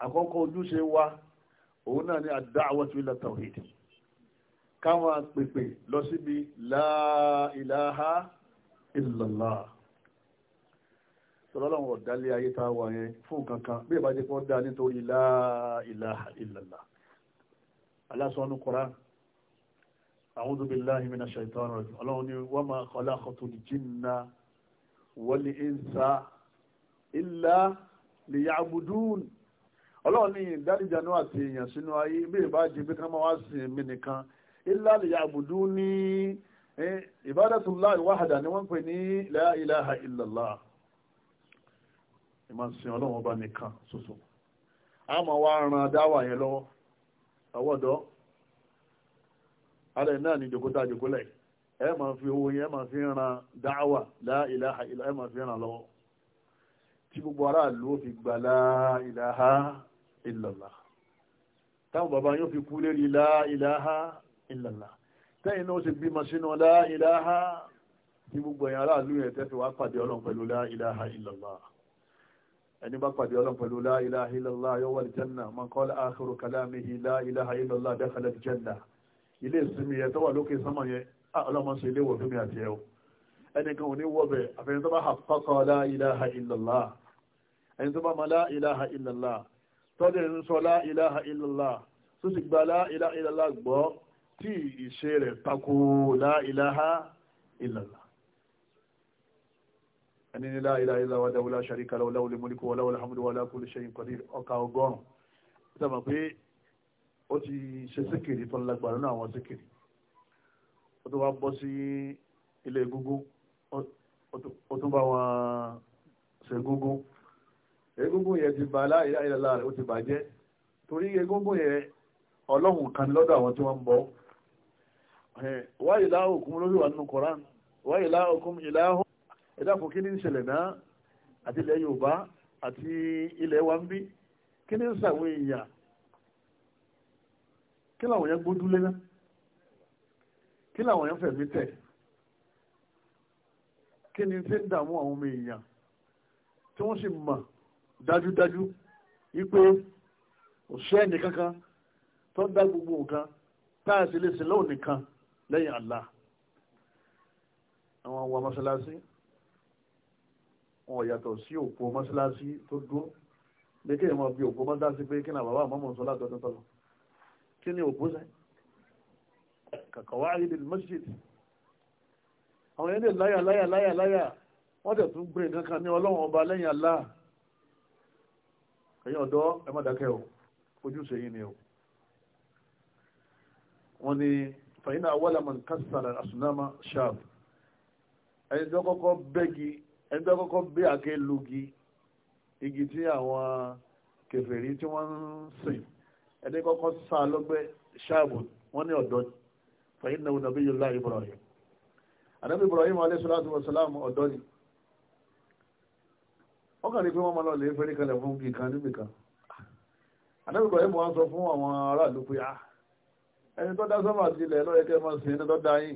àkọ́kọ́ ojúṣe wa òun náà ni ad-da'watu ila tawhid káwọn pèpè lọ síbi la ilaha illallah tọ́lọ́lọ́wọ̀ ayé tá a wà yẹn fún kankan bí ìbájẹ́ kí dá nítorí la ilaha aláṣọ́nù Kùránì a'udhu billahi minash shaitani rajim ọlọ́run ni wa ma khalaqtul jinna wal insa illa liya'budun ọlọ́run ní ìdánijànú àti èèyàn sínú ayé bí ìbá jẹ pé kán máa wá sí mi nìkan illa liya'buduni ibadatullahi wahda ni wọ́n pè ní la ilaha àwọ̀dọ́ alẹ́ náà ni jòkótá jòkólẹ̀ ẹ máa fi owó yẹn máa fi ran dáwà la ilaha illa ẹ máa fi ran lọ́wọ́ tí gbogbo aráàlú ó fi gbà la ilaha illallah táwọn bàbá yóò fi kú lérí la ilaha illallah tẹ́yìn náà sì bímọ sínú la ilaha gbogbo ẹ̀yà aráàlú yẹn tẹ́ wá pàdé ọlọ́run pẹ̀lú la ilaha ẹni bá pàdé ọlọ́run pẹ̀lú la ilaha illallah yọ́wọ́ aljanna man qala akhiru kalamihi la ilaha illallah dakhala aljanna ilé ìsinmi yẹn tó wà lókè sánmà yẹn ah, ọlọ́mọ sí ilé ìwòsàn mi àti ẹ̀ o ẹnìkan ò ní wọ́bẹ̀ àfẹ́yìn tó bá haqqaqa la ilaha illallah ẹni tó bá ma la ilaha illallah tọ́jú ẹni sọ la ilaha illallah ẹni la ilaha illa huwa wahdahu la sharika lahu lahul mulku wa lahul hamdu wa ala kulli shay'in qadir ọkà ọgọ́rùn-ún sábà pé ó ti ṣe síkìrì tó ń lágbára nínú àwọn síkìrì ó tó wá bọ́ sí ilé egungun ó tó bá wọn ṣe egungun egungun yẹn ti bà la ilaha illa ó ti bàjẹ́ torí egungun yẹn ọlọ́run kan lọ́dọ̀ àwọn tí wọ́n ń bọ́ wáyé láhùn kún ẹ̀dá kò kí ni ń ṣẹlẹ̀ náà àti ilẹ̀ Yorùbá àti ilẹ̀ wa ń bí kí ni ń ṣàwọn èèyàn kí làwọn yẹn gbójúlé náà kí làwọn yẹn fẹ̀mí tẹ̀ kí ni tí ń dààmú àwọn ọmọ èèyàn tí wọ́n sì mọ̀ dájúdájú wípé òṣìṣẹ́ ẹnìkankan tó ń dá gbogbo nǹkan táà sí lè sílẹ̀ ònìkan lẹ́yìn Allah àwọn àwọn mọ́sálásí wọn yàtọ̀ sí òpó mọ́ṣáláṣí tó dúró lékè mọ́ bí òpó mọ́ṣáláṣí pé kí náà bàbá àmọ́mọ́ sọ látọ̀ tọ́tọ́ kí ni òpó sẹ́ kàkàwá ayédè masjid àwọn yẹn lè láyà láyà láyà láyà wọ́n tẹ̀ tún gbé nǹkan kan ní ọlọ́run ọba lẹ́yìn àlá ẹ̀yin ọ̀dọ́ ẹ má dákẹ́ o ojúṣe ẹni tó kọ́kọ́ bí àké lugi igi tí àwọn kèfèrí tí wọ́n ń sìn ẹni kọ́kọ́ sá lọ́gbẹ́ ṣáàbù wọ́n ní ọ̀dọ́ fẹ̀yìn náà nàbí yìí Ibrahim ànábì Ibrahim alayhi salatu wa salam ọ̀dọ́ ni wọ́n kàn ní pé wọ́n máa lọ lè fẹ́rí kalẹ̀ fún kíkan níbìkan ànábì Ibrahim wọn sọ fún àwọn aráàlú pé ah ẹni tó dá sọ́mà tilẹ̀ lọ́yẹ̀kẹ́ máa sìn ẹni tó dá yìí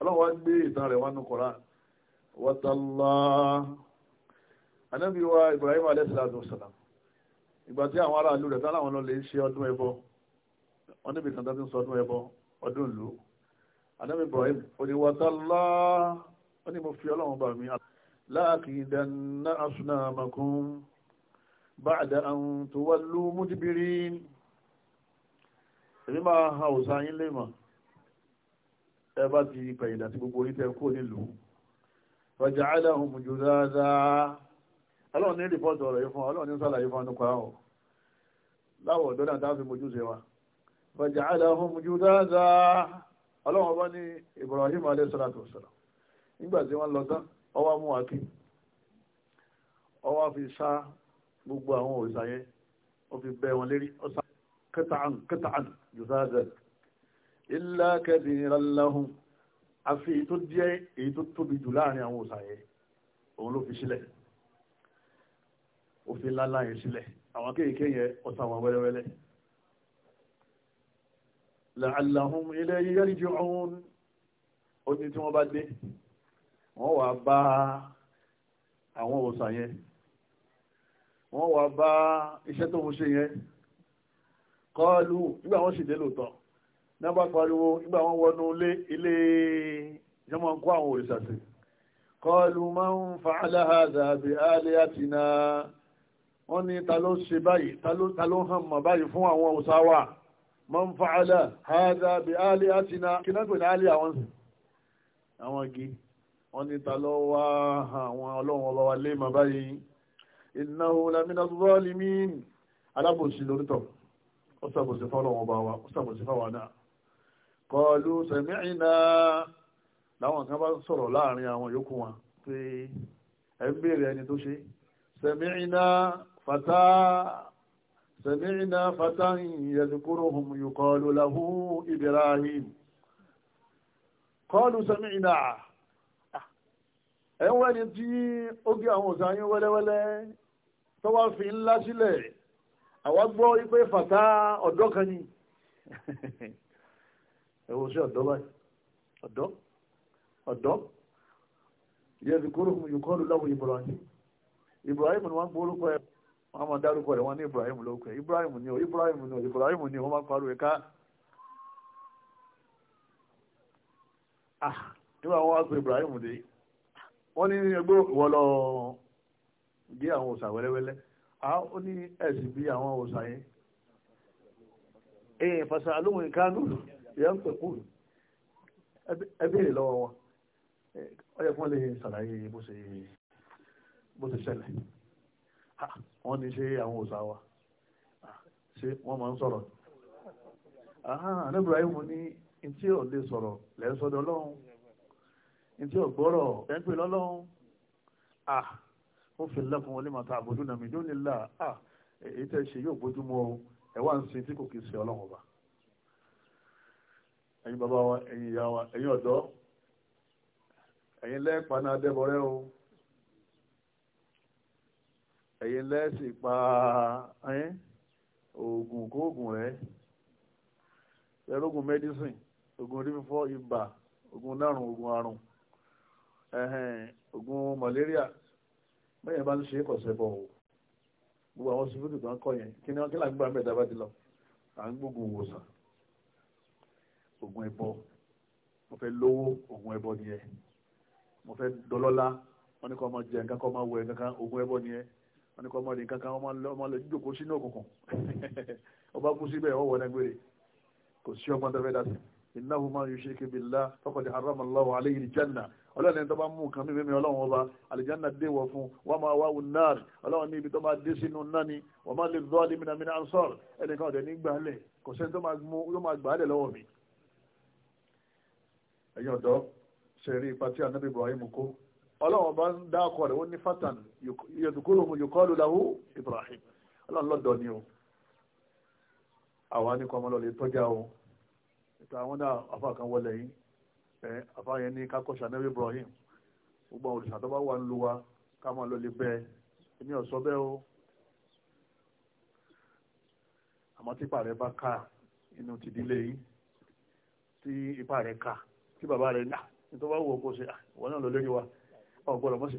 ọlọ́run gbé ìtàn rẹ̀ wánú Kùránì wọ́tọ́lá anábì wa Ibrahim alẹ́sìláàdùn sọ̀lá ìgbà tí àwọn ará rẹ̀ tán àwọn lè ṣe ọdún ẹbọ wọ́n níbi kan ń sọ Ibrahim òní ó ní mo fi ọlọ́run bá mi láàkìdánná asúná makún báàdà àwọn tó wà lú múdìbírí èmi máa ha yín lè ẹ bá ti gbogbo orí tẹ kó nílùú faja'alahum judada ọlọ́run ní rìpọ́ọ̀tù ọ̀rọ̀ yìí fún ọlọ́run ní sàlàyé fún ọdún kan láwọ̀ ọ̀dọ́ náà táwọn fi mojú ṣe wa faja'alahum judada ọlọ́run ọba ní Ibrahim alayhi salatu wassalam nígbà tí wọ́n lọ tán ọwọ́ mú wa kí ọwọ́ fi sá gbogbo àwọn òrìṣà yẹn ó fi bẹ́ wọn lérí ọ̀sán kẹtàán kẹtàán judada illa kathiran lahum àfi èyí tó jẹ́ èyí tó tóbi jù láàrin àwọn òòsàn yẹn òun ló fi sílẹ̀ òfin ńláńlá yẹn sílẹ̀ àwọn kéèké yẹn ọ̀sán wọn wẹ́lẹ́wẹ́lẹ́ la'allahum ilayhi yarji'un ó ní tí wọ́n bá dé wọ́n wà bá àwọn òòsàn yẹn wọ́n wà bá iṣẹ́ tó ń ṣe yẹn kọ́ọ̀lù nígbà wọ́n sì dé lóòótọ́ náà bá pariwo nígbà wọn wọnú ilé ilé ìjọba ń kó àwọn òrìṣà sí kọlu máa ń fa aláhàdà bí alẹ́ àtìná wọ́n ní ta ló ṣe báyìí ta ló hàn mọ̀ báyìí fún àwọn òsà wa máa ń fa aláhàdà bí alẹ́ àtìná kí náà pè ní alẹ́ àwọn sí àwọn igi wọ́n ní ta ló wá àwọn ọlọ́run ọba lé mọ̀ báyìí innahu lamina zalimin alábòsí lórítọ̀ ó sàbòsí fọ́lọ́run ọba wa ó sàbòsí fáwọn náà kọlu sẹ̀míìnà láwọn kan bá sọ̀rọ̀ láàrin àwọn yòókù wọn pé ẹ ń béèrè ẹni tó ṣe sẹ̀míìnà fata sẹ̀míìnà fata yẹ̀dùkúrò hùm yùkọlu lahu ibrahim kọlu sẹ̀míìnà ẹ ń wẹ́ni tí ó gé àwọn òsàn yín tó wá fi ńlá sílẹ̀ àwọn gbọ́ ipé fata ọ̀dọ́ kan ni ẹ̀wọ̀n sí ọ̀dọ́ báyìí ọ̀dọ́ ọ̀dọ́ yẹ fi kúrò fún yukọ́lù lọ́wọ́ Ibrahim Ibrahim ni wọ́n gbórúkọ ama wọ́n máa dárúkọ rẹ̀ wọ́n ní Ibrahim lókè Ibrahim ni o Ibrahim ni o Ibrahim ni wọ́n máa parọ́ ẹ̀ká ah, nígbà wọn wá pé Ibrahim dé wọ́n ní ẹgbẹ́ ìwọ lọ gé àwọn òòsà wẹ́lẹ́wẹ́lẹ́ ó ní ẹ̀sìn bí àwọn òòsà yẹn èèyàn fàṣà alóhùn ìkánú lò yẹ́npẹ̀kù ẹ béèrè lọ́wọ́ wọn ó yẹ kí wọ́n lè ṣàlàyé bó ṣe bó ṣe ṣẹlẹ̀ wọ́n ní ṣe àwọn òòṣà wa ṣé wọ́n máa ń sọ̀rọ̀ nígbà yìí mo ní ntí ò lè sọ̀rọ̀ lẹ́sọ̀dọ̀ lọ́hùn ntí ò gbọ́rọ̀ ẹ̀ ń pè lọ́lọ́hùn ó fi lẹ́kùn olè màtà àbójú nàmídó nílà èyí tẹ́ ṣe yóò bójúmọ́ ẹ̀ wá ń sin tí kò kì í ṣe ọlọ́run ọba ẹ̀yin bàbá wa ẹ̀yin ìyá wa ẹ̀yin ọ̀dọ́ ẹ̀yin lẹ́ẹ̀pa náà dẹ́bọrẹ́ o ẹ̀yin lẹ́ẹ̀sì pa ẹ́n oògùn kóògùn rẹ̀ ẹ̀rọ̀gùn mẹ́dísìn oògùn orí ibà oògùn lárùn oògùn àrùn oògùn malaria mẹ́yìn bá ń ṣe kọ̀sẹ̀ bọ̀ o gbogbo àwọn sífúdù tó ń kọ́ yẹn kí ni wọ́n kí làgbà mẹ́ta bá ti lọ à ń gbógun wòsàn oògùn ẹbọ mo fẹ́ lówó oògùn ẹbọ nìyẹn mo fẹ́ dọlọ́lá wọ́n ní kó máa jẹ nǹkan kó máa wẹ̀ nǹkan oògùn ẹbọ nìyẹn wọ́n ní kó máa rìn kankan ọmọ lè jókòó sínú òkùnkùn ọba kú síbẹ̀ ọwọ́ nàgbére kò sí ọgbọ́n tó fẹ́ dá sí innahu man yushriku billahi faqad harrama Allahu alayhi al-janna ọlọ́run ẹni tó bá mú nǹkan mímí ọlọ́run ọba àlìjánná dé wọ̀ fún wa ma'wahu an-nar ọlọ́run ní ibi tó máa dé sínú náà ni wa ma lil-zalimina min ansar ẹnìkan ọ̀dẹ̀ ní gbàálẹ̀ kò sẹ́ni tó máa gbàálẹ̀ lọ́wọ́ mi ẹ̀yin ọ̀dọ́ ṣe rí ipa tí anábì Ibrahim kó ọlọ́run bá ń dá ọkọ̀ rẹ̀ ó ní fatan yẹ̀dùkúròhùn yòkọ́lù lahu Ibrahim ọlọ́run lọ́dọ̀ ni o àwa ní kọ́ ọmọlọ́lẹ̀ tọ́já o ìta àwọn náà afa kan wọlé yìí ẹ afa yẹn ní kakọ́ṣà anábì Ibrahim gbogbo àwọn olùsàtọ́ bá wà ń lu wa ká máa lọ lè bẹ́ẹ̀ èmi ò bẹ́ẹ̀ o àmọ́ tí ipa rẹ̀ bá ká inú tìdílé yìí tí ipa rẹ̀ ká kí bàbá rẹ̀ náà ah, ní tó bá wù ọkọ̀ ṣe àwọn ah, náà lọ lórí wa ọgbọ́dọ̀ mọ́sí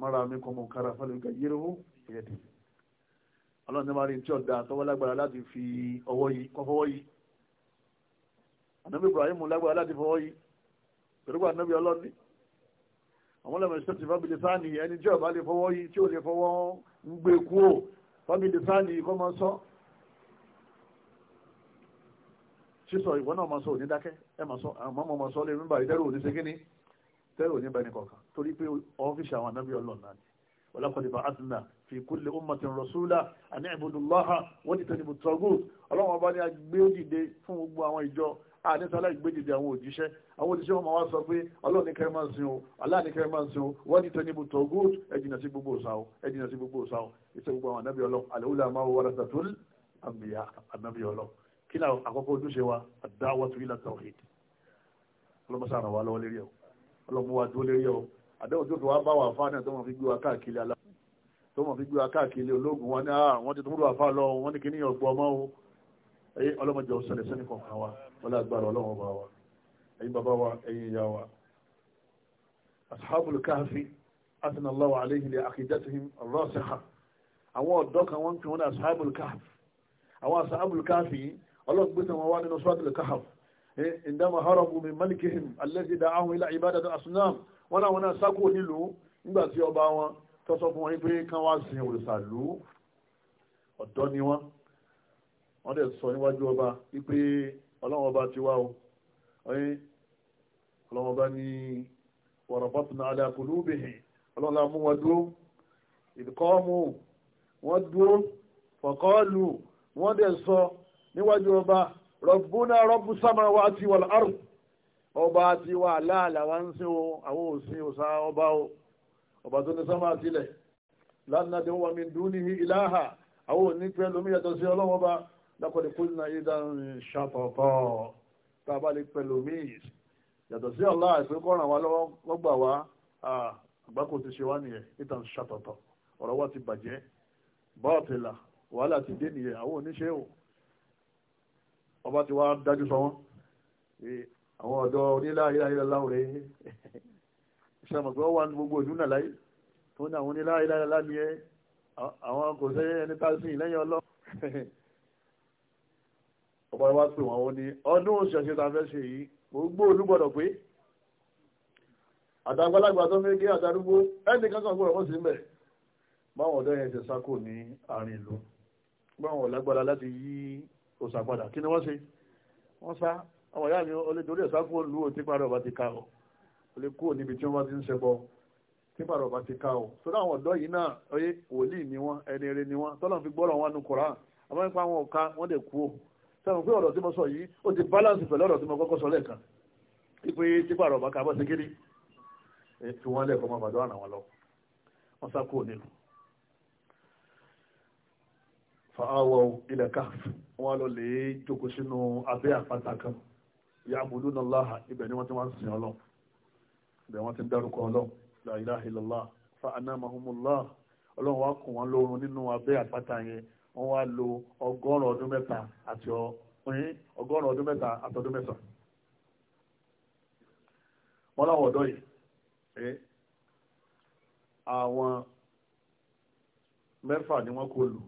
mara mi kọ mọ̀ kára fẹ́lẹ̀ nǹkan yíro ìyẹ̀dì ọlọ́run ní máa rí tí ọ̀dà tọwọ́ lágbára láti fi ọwọ́ yìí kọ́ fọwọ́ yìí ànábì Ibrahim lágbára láti fọwọ́ yìí pẹ̀lúgbà ànábì ọlọ́ni àwọn ọlọ́mọ ìṣẹ́ ti fábìlì sáàni ẹni tí ọba lè fọwọ́ yìí tí ò lè fọwọ́ ń gbé kú ò fábìlì sáàni kọ́ máa sọ́ sísọ ìwọ náà máa sọ òní dákẹ́ ẹ máa sọ àmọ́ mo máa sọ lé nígbà ìdẹ́rù òní segínní tẹ́rù òní bẹni kọ̀ọ̀kan torí pé ọ́fíìsì àwọn anábì ọlọ́ọ̀nà ni walaqad ba'athna fi kulli ummatin rasula an i'budu Allaha wajtanibu at-taghut ọlọ́wọ́n bá ní agbẹ́dìde fún gbogbo àwọn ìjọ àníṣálá ìgbẹ́dìde àwọn òjíṣẹ́ àwọn òjíṣẹ́ wọn máa wá sọ pé Ọlọ́hun ní kẹ́ máa sin o Allah ní kẹ́ máa sin o wajtanibu at-taghut ẹ jìnnà sí gbogbo òsà o sí gbogbo òsà o gbogbo àwọn anábì ọlọ́ kí ni àkọ́kọ́ ojúṣe wa ad-da'watu ila tawhid ọlọ́mọsá ràn wá lọ́wọ́ lérí ẹ̀ ọlọ́mọ wa dúró lérí ẹ̀ àdéhùn tó fi wá bá wà fáà náà tó mọ̀ fi gbé wa káàkiri alá tó mọ̀ fi gbé wa káàkiri ológun wọn ní àwọn ah, ti tó múlò àfáà lọ wọn ní kí ní ọgbọ ọmọ o ẹ̀yin ọlọ́mọjọ sọlẹ̀ sẹ́ni kọ̀ọ̀kan wa wọlé agbára ọlọ́wọ́n bá wa ẹ̀yin bàbá wa ẹ̀yin ìyá wa ashabul kahfi athna Allahu alayhi li aqidatihim ar àwọn ọ̀dọ́ kan wọ́n ń pè wọ́n ní àwọn ashabul kahfi yìí ọlọ́run gbèsè wọn wá nínú suratul kahf indama harabu min malikihim alladhi da'ahum ila ibadati asnam wọn náà wọn náà sákò nílùú nígbà tí ọba wọn tọ́sọ fún wọn pé kán wá sin òrìṣà lù ú ọ̀dọ́ ni wọn wọn dẹ̀ sọ níwájú ọba wípé ọlọ́run ọba ti wá o ọlọ́run ọba ní warabatna ala qulubihim ọlọ́run la mú wọn dúró idqamu wọn dúró faqalu wọn dẹ̀ sọ níwájú ọba rọ̀bùnà rọ̀bù sámà wá ti wà lárùn ọba ti wà láàlà wá ń sin o àwọn òsìn òsà ọba o ọba tó ní sámà tilẹ̀ lánàá tí wọ́n mi dún níhi ìláhà àwọn òní pẹ́ lómi yàtọ̀ sí ọlọ́wọ́ bá lákọ̀ọ́dẹ kúlùnà ìdá ṣàtọ̀tọ̀ tá a bá lè pẹ́ lómi yàtọ̀ sí ọlá ìfẹ́kọ̀ràn wa lọ́wọ́ gbà wá àgbákò ti ṣe wá nìyẹn ìtàn ṣàtọ̀tọ̀ ọ̀rọ̀ wa ti bàjẹ́ bọ́ọ̀tìlà wàhálà ti dé nìyẹn àwọn oníṣẹ́ o ọba ti wá dájú sọ wọn àwọn ọ̀dọ́ onílà ìlàìlà láwùrẹ́ ìṣàmọ̀gbọ́ wà ní gbogbo ìlú nàláyé tó ní àwọn onílà ìlàìlà ní ẹ àwọn kò sẹ́ ẹni tá sí ìlẹ́yìn ọlọ́ ọba wa pè wọ́n ní ọdún òṣèṣe ta fẹ́ ṣe yìí gbogbo ìlú gbọ́dọ̀ pé àtàgbàlagbà tó méjì àtàrúgbó ẹnì kankan gbọ́dọ̀ wọ́n sì ń bẹ̀ báwọn ọ̀dọ́ yẹn ṣe sákò ní àárín ìlú báwọn ọ̀lágbára láti yí òsà padà kí ni wọ́n ṣe wọ́n sá ọmọ ìyá mi olè torí ẹ̀sá kúrò lù ó tí parọ́ ọba ti ká ọ olè kúrò níbi tí wọ́n bá ti ń ṣẹbọ tí parọ́ ọba ti ká ọ sódà àwọn ọ̀dọ́ yìí náà oyè wòlíì ni wọ́n ẹni eré ni wọ́n tọ́lọ́ fi gbọ́rọ̀ wọn nu Kùránì àmọ́ nípa àwọn ọ̀ka wọ́n lè kú ọ sẹ́wọ̀n pé ọ̀rọ̀ tí mo sọ yìí ó ti balance pẹ̀lú ọ̀rọ̀ tí mo kọ́kọ́ sọ lẹ́ẹ̀kan pípé tí parọ́ ọba ká bọ́ sí kiri fi wọ́n lẹ́ẹ̀kọ́ mọ́ bàdó àná wọn lọ wọ́n sá kúrò nílùú fàáwọ̀ ilẹ̀ káf wọ́n lọ lè jókòó sínú abẹ́ àpáta kan ya'buduna Allaha ibẹ̀ ni wọ́n ti wá ń sìn ọlọ́ ibẹ̀ ti dárúkọ ọlọ́ la ilaha fa ana ọlọ́run wá kùn wọ́n lóorun nínú abẹ́ àpáta yẹn wọ́n wá lo ọgọ́rùn ọdún mẹ́ta àti ọgọ́rùn ọdún mẹ́ta àtọdún mẹ́ta wọ́n ni wọ́n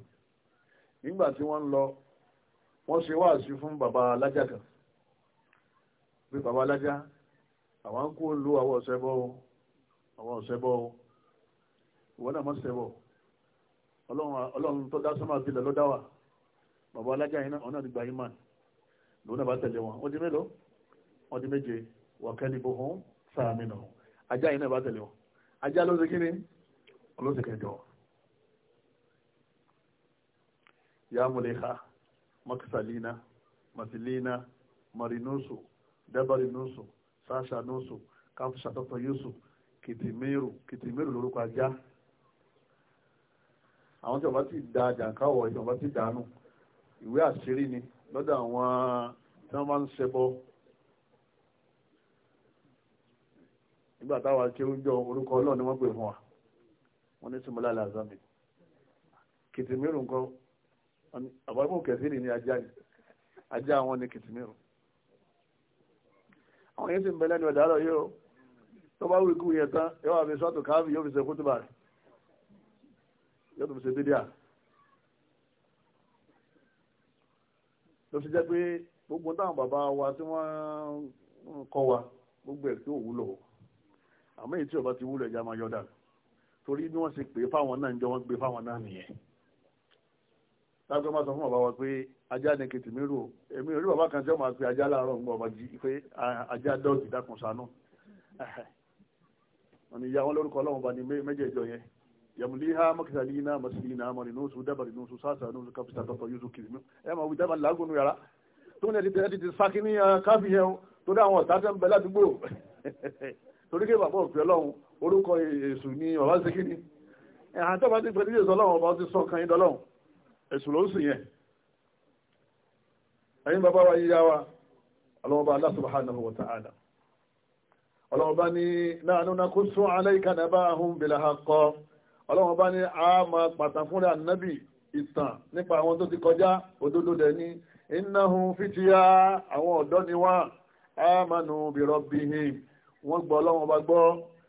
nígbà tí wọ́n ń lọ wọ́n ṣe wáàsí fún bàbá alájá kan pé bàbá alájá àwọn ń kó lu àwọn ọ̀sẹ̀bọ̀ àwọn ọ̀sẹ̀bọ̀ ìwọ náà mọ̀ ṣẹbọ ọlọ́run tó dá sọ́mà sílẹ̀ ló dá wà bàbá alájá yìí náà ọ̀nà ti gba yín mà lòun náà bá tẹ̀lé wọn ó di mélòó wọ́n di méje wọ̀kẹ́lì bó hún sáà mi nà ajá yìí náà bá tẹ̀lé wọn ajá ló ṣe kí ni olóṣèkẹjọ ya mulaiha makasalina masilina marinusu dabarinusu sashanusu kamfusatoto yusuf kìtìmírù kìtìmírù lórúkọ ajá àwọn tí wọ́n bá ti da jàǹkáwọ̀ tí wọ́n bá ti dànù ìwé àṣírí ni lọ́dọ̀ àwọn tí wọ́n bá ń ṣẹbọ nígbà táwa ṣe orúkọ ọlọ́run ni wọ́n pè fún wa wọ́n ní simola lazami kìtìmírù nǹkan àbọ̀ ìbò kẹsìrì ni ajá yìí ajá wọn ni kìtìmírù àwọn yẹn sì ń bẹ lẹ́nu ẹ̀dá rọ̀ yóò tó bá wíkú yẹn tán yóò àmì sọ́tò káàbì yóò fi ṣe rẹ̀ yóò tó fi ṣe ló fi jẹ́ pé gbogbo táwọn bàbá wa tí wọ́n ń kọ́ wa gbogbo ẹ̀ tí ò wúlò tí ti wúlò torí bí wọ́n ṣe pè fáwọn náà ń jọ wọ́n gbé fáwọn náà nìyẹn lágbẹ́ máa sọ fún bàbá wa pé ajá ni kìtì mi rò èmi ò rí bàbá kan tí ó máa pe ajá láàárọ̀ ńgbọ́ ọba jí pé ajá dọ́ọ̀tì dákun ṣàánú ọ̀nà ìyá wọn lórúkọ ọlọ́run bá ní mẹ́jẹ̀ẹ̀jọ yẹn yàmùlíhá mọ́kìtàlíhìnà mọ́sílìhìnà mọ́ni nóòsù dábàrí nóòsù sáàsà nóòsù káfíìsà tọ́tọ̀ yóò kìrì mú ẹ máa wí dábàrí lágùnú yàrá tó ní ẹni ti sákì ní káfí yẹn tó dá àwọn ọ̀tá tẹ́ ń bẹ ládùúgbò torí kí bàbá òfin ọlọ́run orúkọ èṣù ni bàbá ṣe kíni ẹ̀hàn tó bá ti pẹ̀lú ìṣọlọ́run ọba ti sọ kan yín dọ́lọ́run èṣù ló ń sìn yẹn ẹ̀yin bàbá wa yíyá wa ọlọ́mọba Allah subhanahu wa ta'ala ọlọ́mọba ní nahnu naqussu alayka naba'ahum bil haqqi ọlọ́mọba ní a máa pàtàkì fúnra nábì ìtàn nípa àwọn tó ti kọjá òdodo ní innahum fitiya àwọn ọ̀dọ́ ni wá amanu bi rabbihim wọ́n gbọ́ ọlọ́mọba gbọ́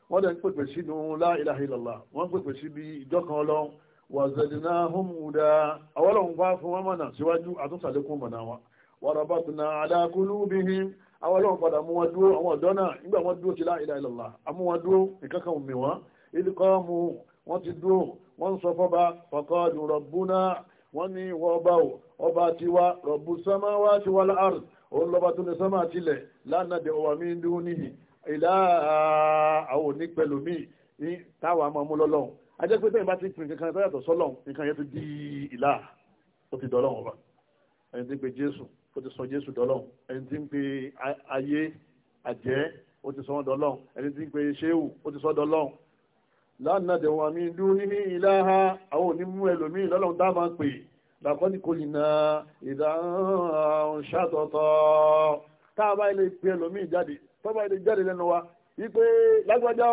wọ́n dẹ̀ ń pèpè sínú la wọ́n pèpè síbi ìjọ kan ọlọ́run wàzẹ̀dìnáhùn na àwọ́lọ́hun bá fún wọn mọ̀nà síwájú àtúnṣàlékún mọ̀nà wa wàrọ̀bàtùnà aláàkúlúbìhìn àwọ́lọ́hun padà mú wọn dúró àwọn ọ̀dọ́ náà nígbà wọn ti la ilaha illallah amú wọn dúró ìkankan mi mu wọn ti dúró wọn sọ fọba faqalu rabbuna ọba tiwa rabbu samawati wal ard ajẹ́ pé tẹ́yìn bá ti pin kankan tọ́yàtọ̀ sọ́lọ̀ nǹkan yẹn ti di ìlà ó ti dọ́lọ́hún ọba ẹni tí ń pe jésù ó ti sọ jésù dọ́lọ́hún ẹni tí ń pe ayé àjẹ́ ó ti sọ wọn dọ́lọ́hún ẹni tí ń pe ṣéwù ó ti sọ dọ́lọ́hún lánàdẹ̀ wọn mi dún ní ilá ha àwọn òní mú ẹlòmíì lọ́lọ́hún dá máa ń pè làkọ́ ní kòlìnà ìdáhùn ṣàtọ̀tọ̀ tá pe ẹlòmíì jáde tó bá ilé jáde lẹ́nu wa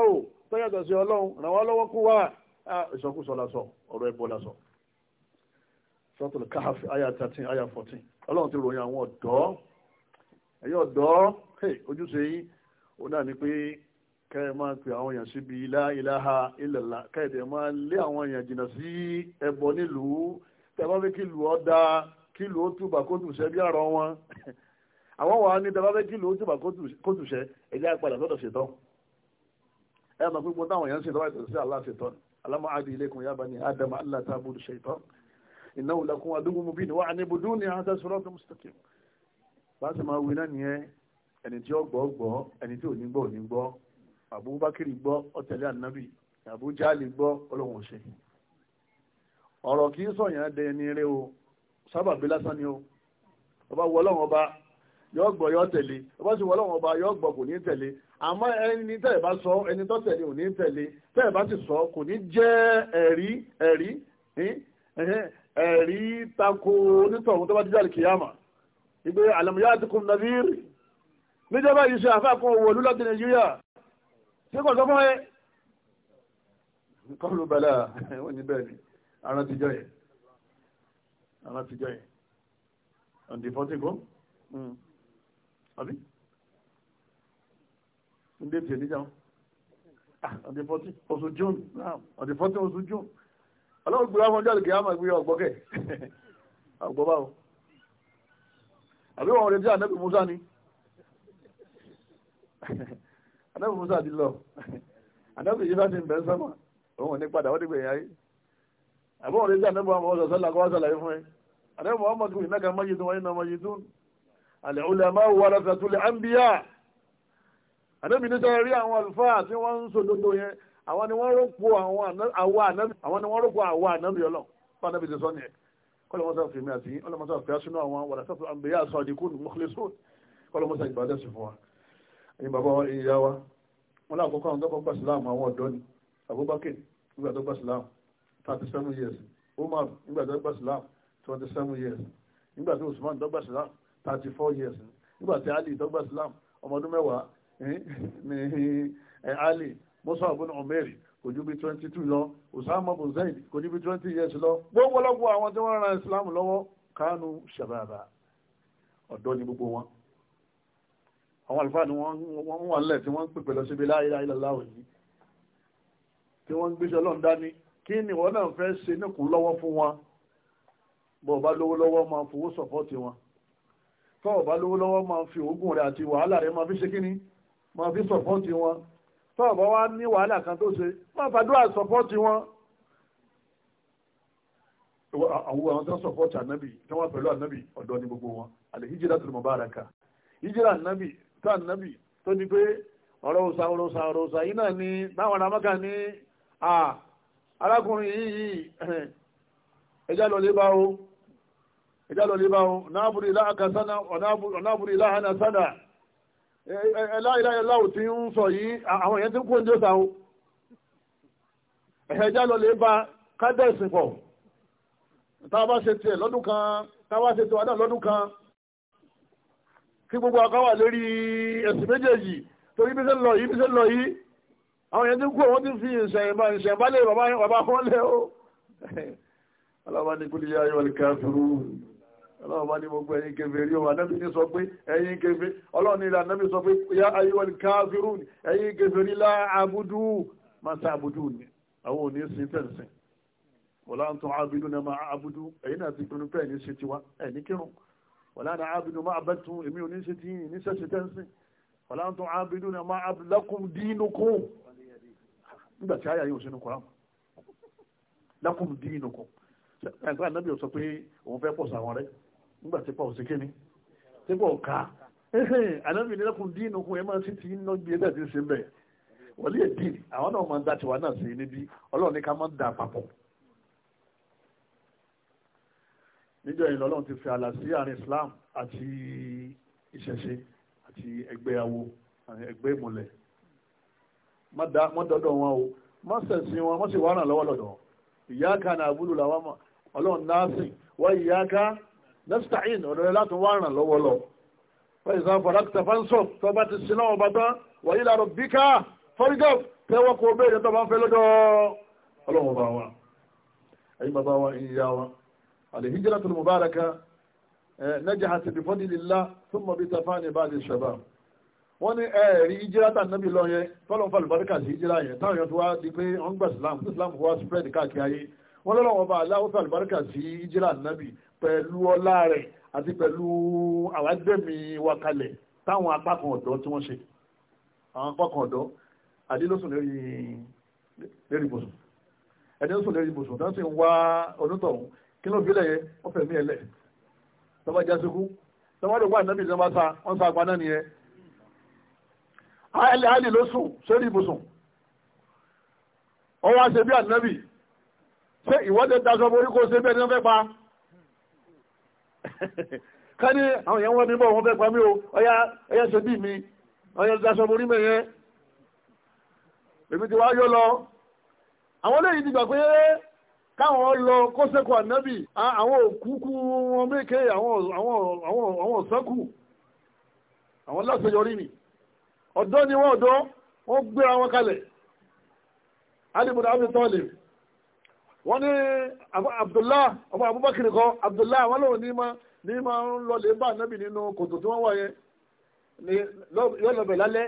o tọ́yàtọ̀ sí ọlọ́run ràn wá lọ́wọ́ kú wá Ah, ìsọkúsọ lásọ ọ̀rọ̀ ẹbọ lásọ sọ́tùlù káàfì àyà 13 àyà 14 ọlọ́run ti ròyìn àwọn ọ̀dọ́ ẹ̀yin ọ̀dọ́ ojúṣe yín ó náà ni pé kẹ́ ẹ máa pè àwọn èèyàn síbi la ilaha illallah kẹ́ ẹ dẹ̀ máa lé àwọn èèyàn jìnnà sí ẹbọ nílùú tẹ́ bá fẹ́ kí ìlú ó dáa kí ìlú ó túbà kó tù sẹ́ bí àrọ wọn àwọn wàá ní tẹ́ bá fẹ́ kí ó túbà kó tù sẹ́ ẹ̀jẹ̀ àpàdà sọ́dọ̀ ṣètọ́ ẹ̀ máa pípọ́n táwọn èèyàn ṣètọ́ àìsàn sí aláṣetọ́ ni alam a'adu ilaykum ya bani adama alla ta'budu shaytan innahu lakum aduwwun mubin wa an ibuduni hadha siratun mustaqim bá ṣe máa wí náà nìyẹn e, ẹni tí ó gbọ́ gbọ́ ẹni tí ò ní gbọ́ ò ní gbọ́ Abubakar gbọ́ ó tẹ̀lé Ànábì Abu Jahal gbọ́ Ọlọ́hun ó ṣe ọ̀rọ̀ kì í sọ̀yàn dẹ ní eré o sábàbí lásán ni o ọba wọ Ọlọ́hun ọba yọ gbọ́ yọ tẹ̀lé ọba sì wọ Ọlọ́hun ọba yọ gbọ́ kò ní tẹ̀lé àmọ́ ẹni tẹ́ ẹ̀ bá sọ ẹni tó tẹ̀lé ò ní tẹ̀lé tẹ́ ẹ̀ bá ti sọ kò ní jẹ́ ẹ̀rí ẹ̀rí ẹ̀rí tako onítọ̀hún tó bá díjà kìyàmà ìgbé àlàmúyá ti kún nàbír níjọba yìí ṣe àfáàkùn owó olú láti nàìjíríà ṣé kò sọ fún ẹ kọlu bẹ̀lẹ̀ wọ́n ní bẹ́ẹ̀ ni ara ti jọ yẹn ara ti jọ yẹn ọ̀dìfọ́tìkọ́ hmm. àbí ń dé tèmi jẹun ah, on the fourteen oṣù june ah, on the fourteen oṣù june ọlọ́run gbé wọn jáde kìí àmọ́ ìgbéyàwó ọ̀gbọ́n kẹ̀ ọ̀gbọ́n báwo àbí wọn retí ànábì musa ni ànábì musa ti lọ ànábì yìí láti bẹ̀ sọ́mà òun ò ní padà wọ́n ti gbẹ̀yìn ayé àbí wọn retí ànábì muhammad sọ̀sọ́ làkọ́ wá sàlàyé fún ẹ ànábì muhammad kùnì náà kà máyé tó wáyé náà máyé tó àlẹ́ òlẹ̀ máa wà lọ́sàtúlẹ̀ àmbíyá ànábì ní sẹ́yìn rí àwọn àlùfáà tí wọ́n ń sòdodo yẹn àwọn ni wọ́n rọ́pò àwọn ànábì àwọn ni wọ́n rọ́pò àwọn ànábì ọlọ́run fún ànábì ti sọ nìyẹn kọlọmọsá fèmí àti ọlọmọsá fẹ́ sínú àwọn wàdàsáfẹ́ àmbẹ̀yà sọ̀dìkú mọ́kílẹ́sọ́ kọlọmọsá ìbàdàn sí fún wa ẹ̀yin bàbá wa ìyá wa wọn láàkọ́kọ́ àwọn tọ́kọ́ gbà síláàmù àwọn ọ̀dọ́ ni Abubakar nígbà tó gbà síláàmù thirty seven years Umar nígbà tó gbà síláàmù twenty seven years nígbà tó Usman tó gbà síláàmù thirty four years nígbà tí Ali tó gbà síláàmù ọmọ ọdún mẹ́wàá ní ali musa ibn umeri kò ju bí twenty two lọ usama ibn zayd kò ju bí 20 years lọ gbogbo lọ́gbọ́ àwọn tí wọ́n ran islam lọ́wọ́ kánú shababa ọ̀dọ́ ni gbogbo wọn àwọn àlùfáà ni wọ́n wà lẹ̀ tí wọ́n ń pèpè lọ síbi láyé láyé láwọ̀ yìí tí wọ́n ń gbéṣẹ́ lọ́n dání kí ni wọ́n náà fẹ́ ṣe níkùn lọ́wọ́ fún wọn bọ́ọ̀ bá lówó lọ́wọ́ máa fowó sọ̀pọ́ọ̀tì wọn tọ́ọ̀ bá lówó lọ́wọ́ máa fi òógùn rẹ̀ àti wàhálà rẹ̀ máa fi ṣe kíni ma fi sọ̀pọ́ọ̀tì wọn tó ọ̀bọ̀ ní wàhálà kan tó ṣe máa fàdúrà sọ̀pọ́ọ̀tì wọn. àwọn àwọn tó ń sọ̀pọ́ọ̀tì ànábì tó wà pẹ̀lú ànábì ọ̀dọ́ ní gbogbo wọn àlè hijira tó lè mọ̀ bá ara kà hijira ànábì tó ànábì tó ní pé ọ̀rọ̀ òsà ọ̀rọ̀ òsà ọ̀rọ̀ òsà yìí náà ni báwọn ará mọ́kà ní arákùnrin yìí lọ lé ẹláìláìláwò tí ń sọ yìí àwọn èèyàn tí ń kó ní òsà o ẹ̀ẹ́já lọ lè ba kádẹ́sì pọ̀ táwa ṣe tiẹ̀ lọ́dún kan táwa ṣe tiwa náà lọ́dún kan kí gbogbo akáwà lórí ẹ̀sìn méjèèjì torí bí ṣe ń lọ yìí bí ṣe ń lọ yìí àwọn èèyàn tí ń kó wọn ti fi ìṣẹ̀yìnbá ìṣẹ̀yìnbá lè bàbá wọn lẹ́ o ọlọ́wọ́ ní kúlíyà yọ̀ ọlọ́run bá ní gbogbo ẹ̀yin kẹfẹ́ rí o ànábì ní sọ pé ẹ̀yin kẹfẹ́ ọlọ́run ní ànábì sọ pé ya ayiwọl káfírún ẹ̀yin kẹfẹ́ rí lá àbúdú máa sá àbúdú ni àwọn òní sí tẹ̀sìn wọlá ń tún àbúdú náà máa àbúdú ẹ̀yin náà ti pinnu pé ẹ̀yin ṣe tiwa ẹ̀ní kírun wọlá náà máa abẹ́tún èmi òní ṣe ti ní sẹ́sì tẹ̀sìn wọlá ń náà máa lakum dínukum nígbà tí àyà yóò sínú kọ́ra lakum dínukum ẹ̀ka ànábì nígbà tí pọ̀ sí kíní tí pọ̀ ká ànábì ní lẹ́kùn dín inú kún ẹ máa sí ti iná gbé ẹ̀dá tí ń ṣe bẹ́ẹ̀ wọ́n lè dín Islam àti ìṣẹ̀ṣe àti ẹgbẹ́ awo àti ẹgbẹ́ ìmùlẹ̀ má dọ́dọ̀ wọn o má sẹ̀sìn wọn má sì wá ràn lọ́wọ́ lọ́dọ̀ ìyá kan làwọn ọlọ́run náà sìn wọ́n ìyá nẹ́sítàín ọ̀dọ̀ rẹ̀ láti wá ràn lọ́wọ́ lọ wọ́n ìsàn fọ́lákítà fáńsọ̀ tó bá ti sin náà bàtán wọ́n yìí lárọ̀ bíkà fọ́rígọ́f tẹ́wọ́ kó bẹ́ẹ̀ tó bá ń fẹ́ lọ́dọ̀ ọlọ́run bá wa ẹ̀yin bàbá wa ẹ̀yin ìyá wa àlèhíjìlá tó mú báraka nẹ́jà àti bìfọ́dì lílá tó mọ̀ bí tafá ní bá di ṣẹ̀bà wọ́n ní ẹ̀rí ìjìlá tà níbi lọ yẹn tọ́lọ́ fà sí ìjìlá yẹn táwọn yẹn tó wá di pé wọ́n gbà sílámù sílámù wá spread káàkiri ayé wọ́n lọ́wọ́ bá aláwọ̀ fà lùbáríkà sí ìjìlá nábì pẹ̀lú ọlá rẹ̀ àti pẹ̀lú àwádẹ́mi wa kalẹ̀ táwọn apákan ọ̀dọ́ tí wọ́n ṣe àwọn apákan ọ̀dọ́ àdílọ́sùn lérí ibùsùn ẹ̀dẹ́sùn lérí ibùsùn tó ń sì ń wá onítọ̀hún kí ló fi lẹ́yẹ wọ́n fẹ̀mí ẹlẹ̀ tọ́ba jásíkú tọ́ba lè wá ìnábì tí wọ́n sá wọ́n sá apá náà nìyẹn àìlẹ̀ àìlẹ̀ ló sùn sórí ibùsùn ọwọ́ àṣẹ bí ànábì ṣé ìwọ́de daṣọ borí kó ṣe bẹ́ẹ̀ ni wọ́n fẹ́ pa ká ní àwọn èèyàn wọ́n mi bọ̀ wọ́n fẹ́ pa mí o ọyá ọyá ṣe bí mi ọyá daṣọ mo rí mẹ́ yẹn èmi ti wá yọ lọ àwọn eléyìí ti gbà pé káwọn lọ kọ́sẹ́kọ̀ọ́ ànábì àwọn òkúkú wọn méke àwọn ọ̀sánkù àwọn láṣeyọrí ni ọ̀dọ́ ni wọ́n ọ̀dọ́ wọ́n gbéra wọn kalẹ̀ alìmọ̀dá àbí tọ́lẹ̀ wọ́n ní abdullah ọmọ abubakar kọ́ abdullah wọ́n lòun ní ma ní ma ń lọlé bá anabi nínú kòtò tí wọ́n wà yẹn yóò lọ bẹ̀ lálẹ́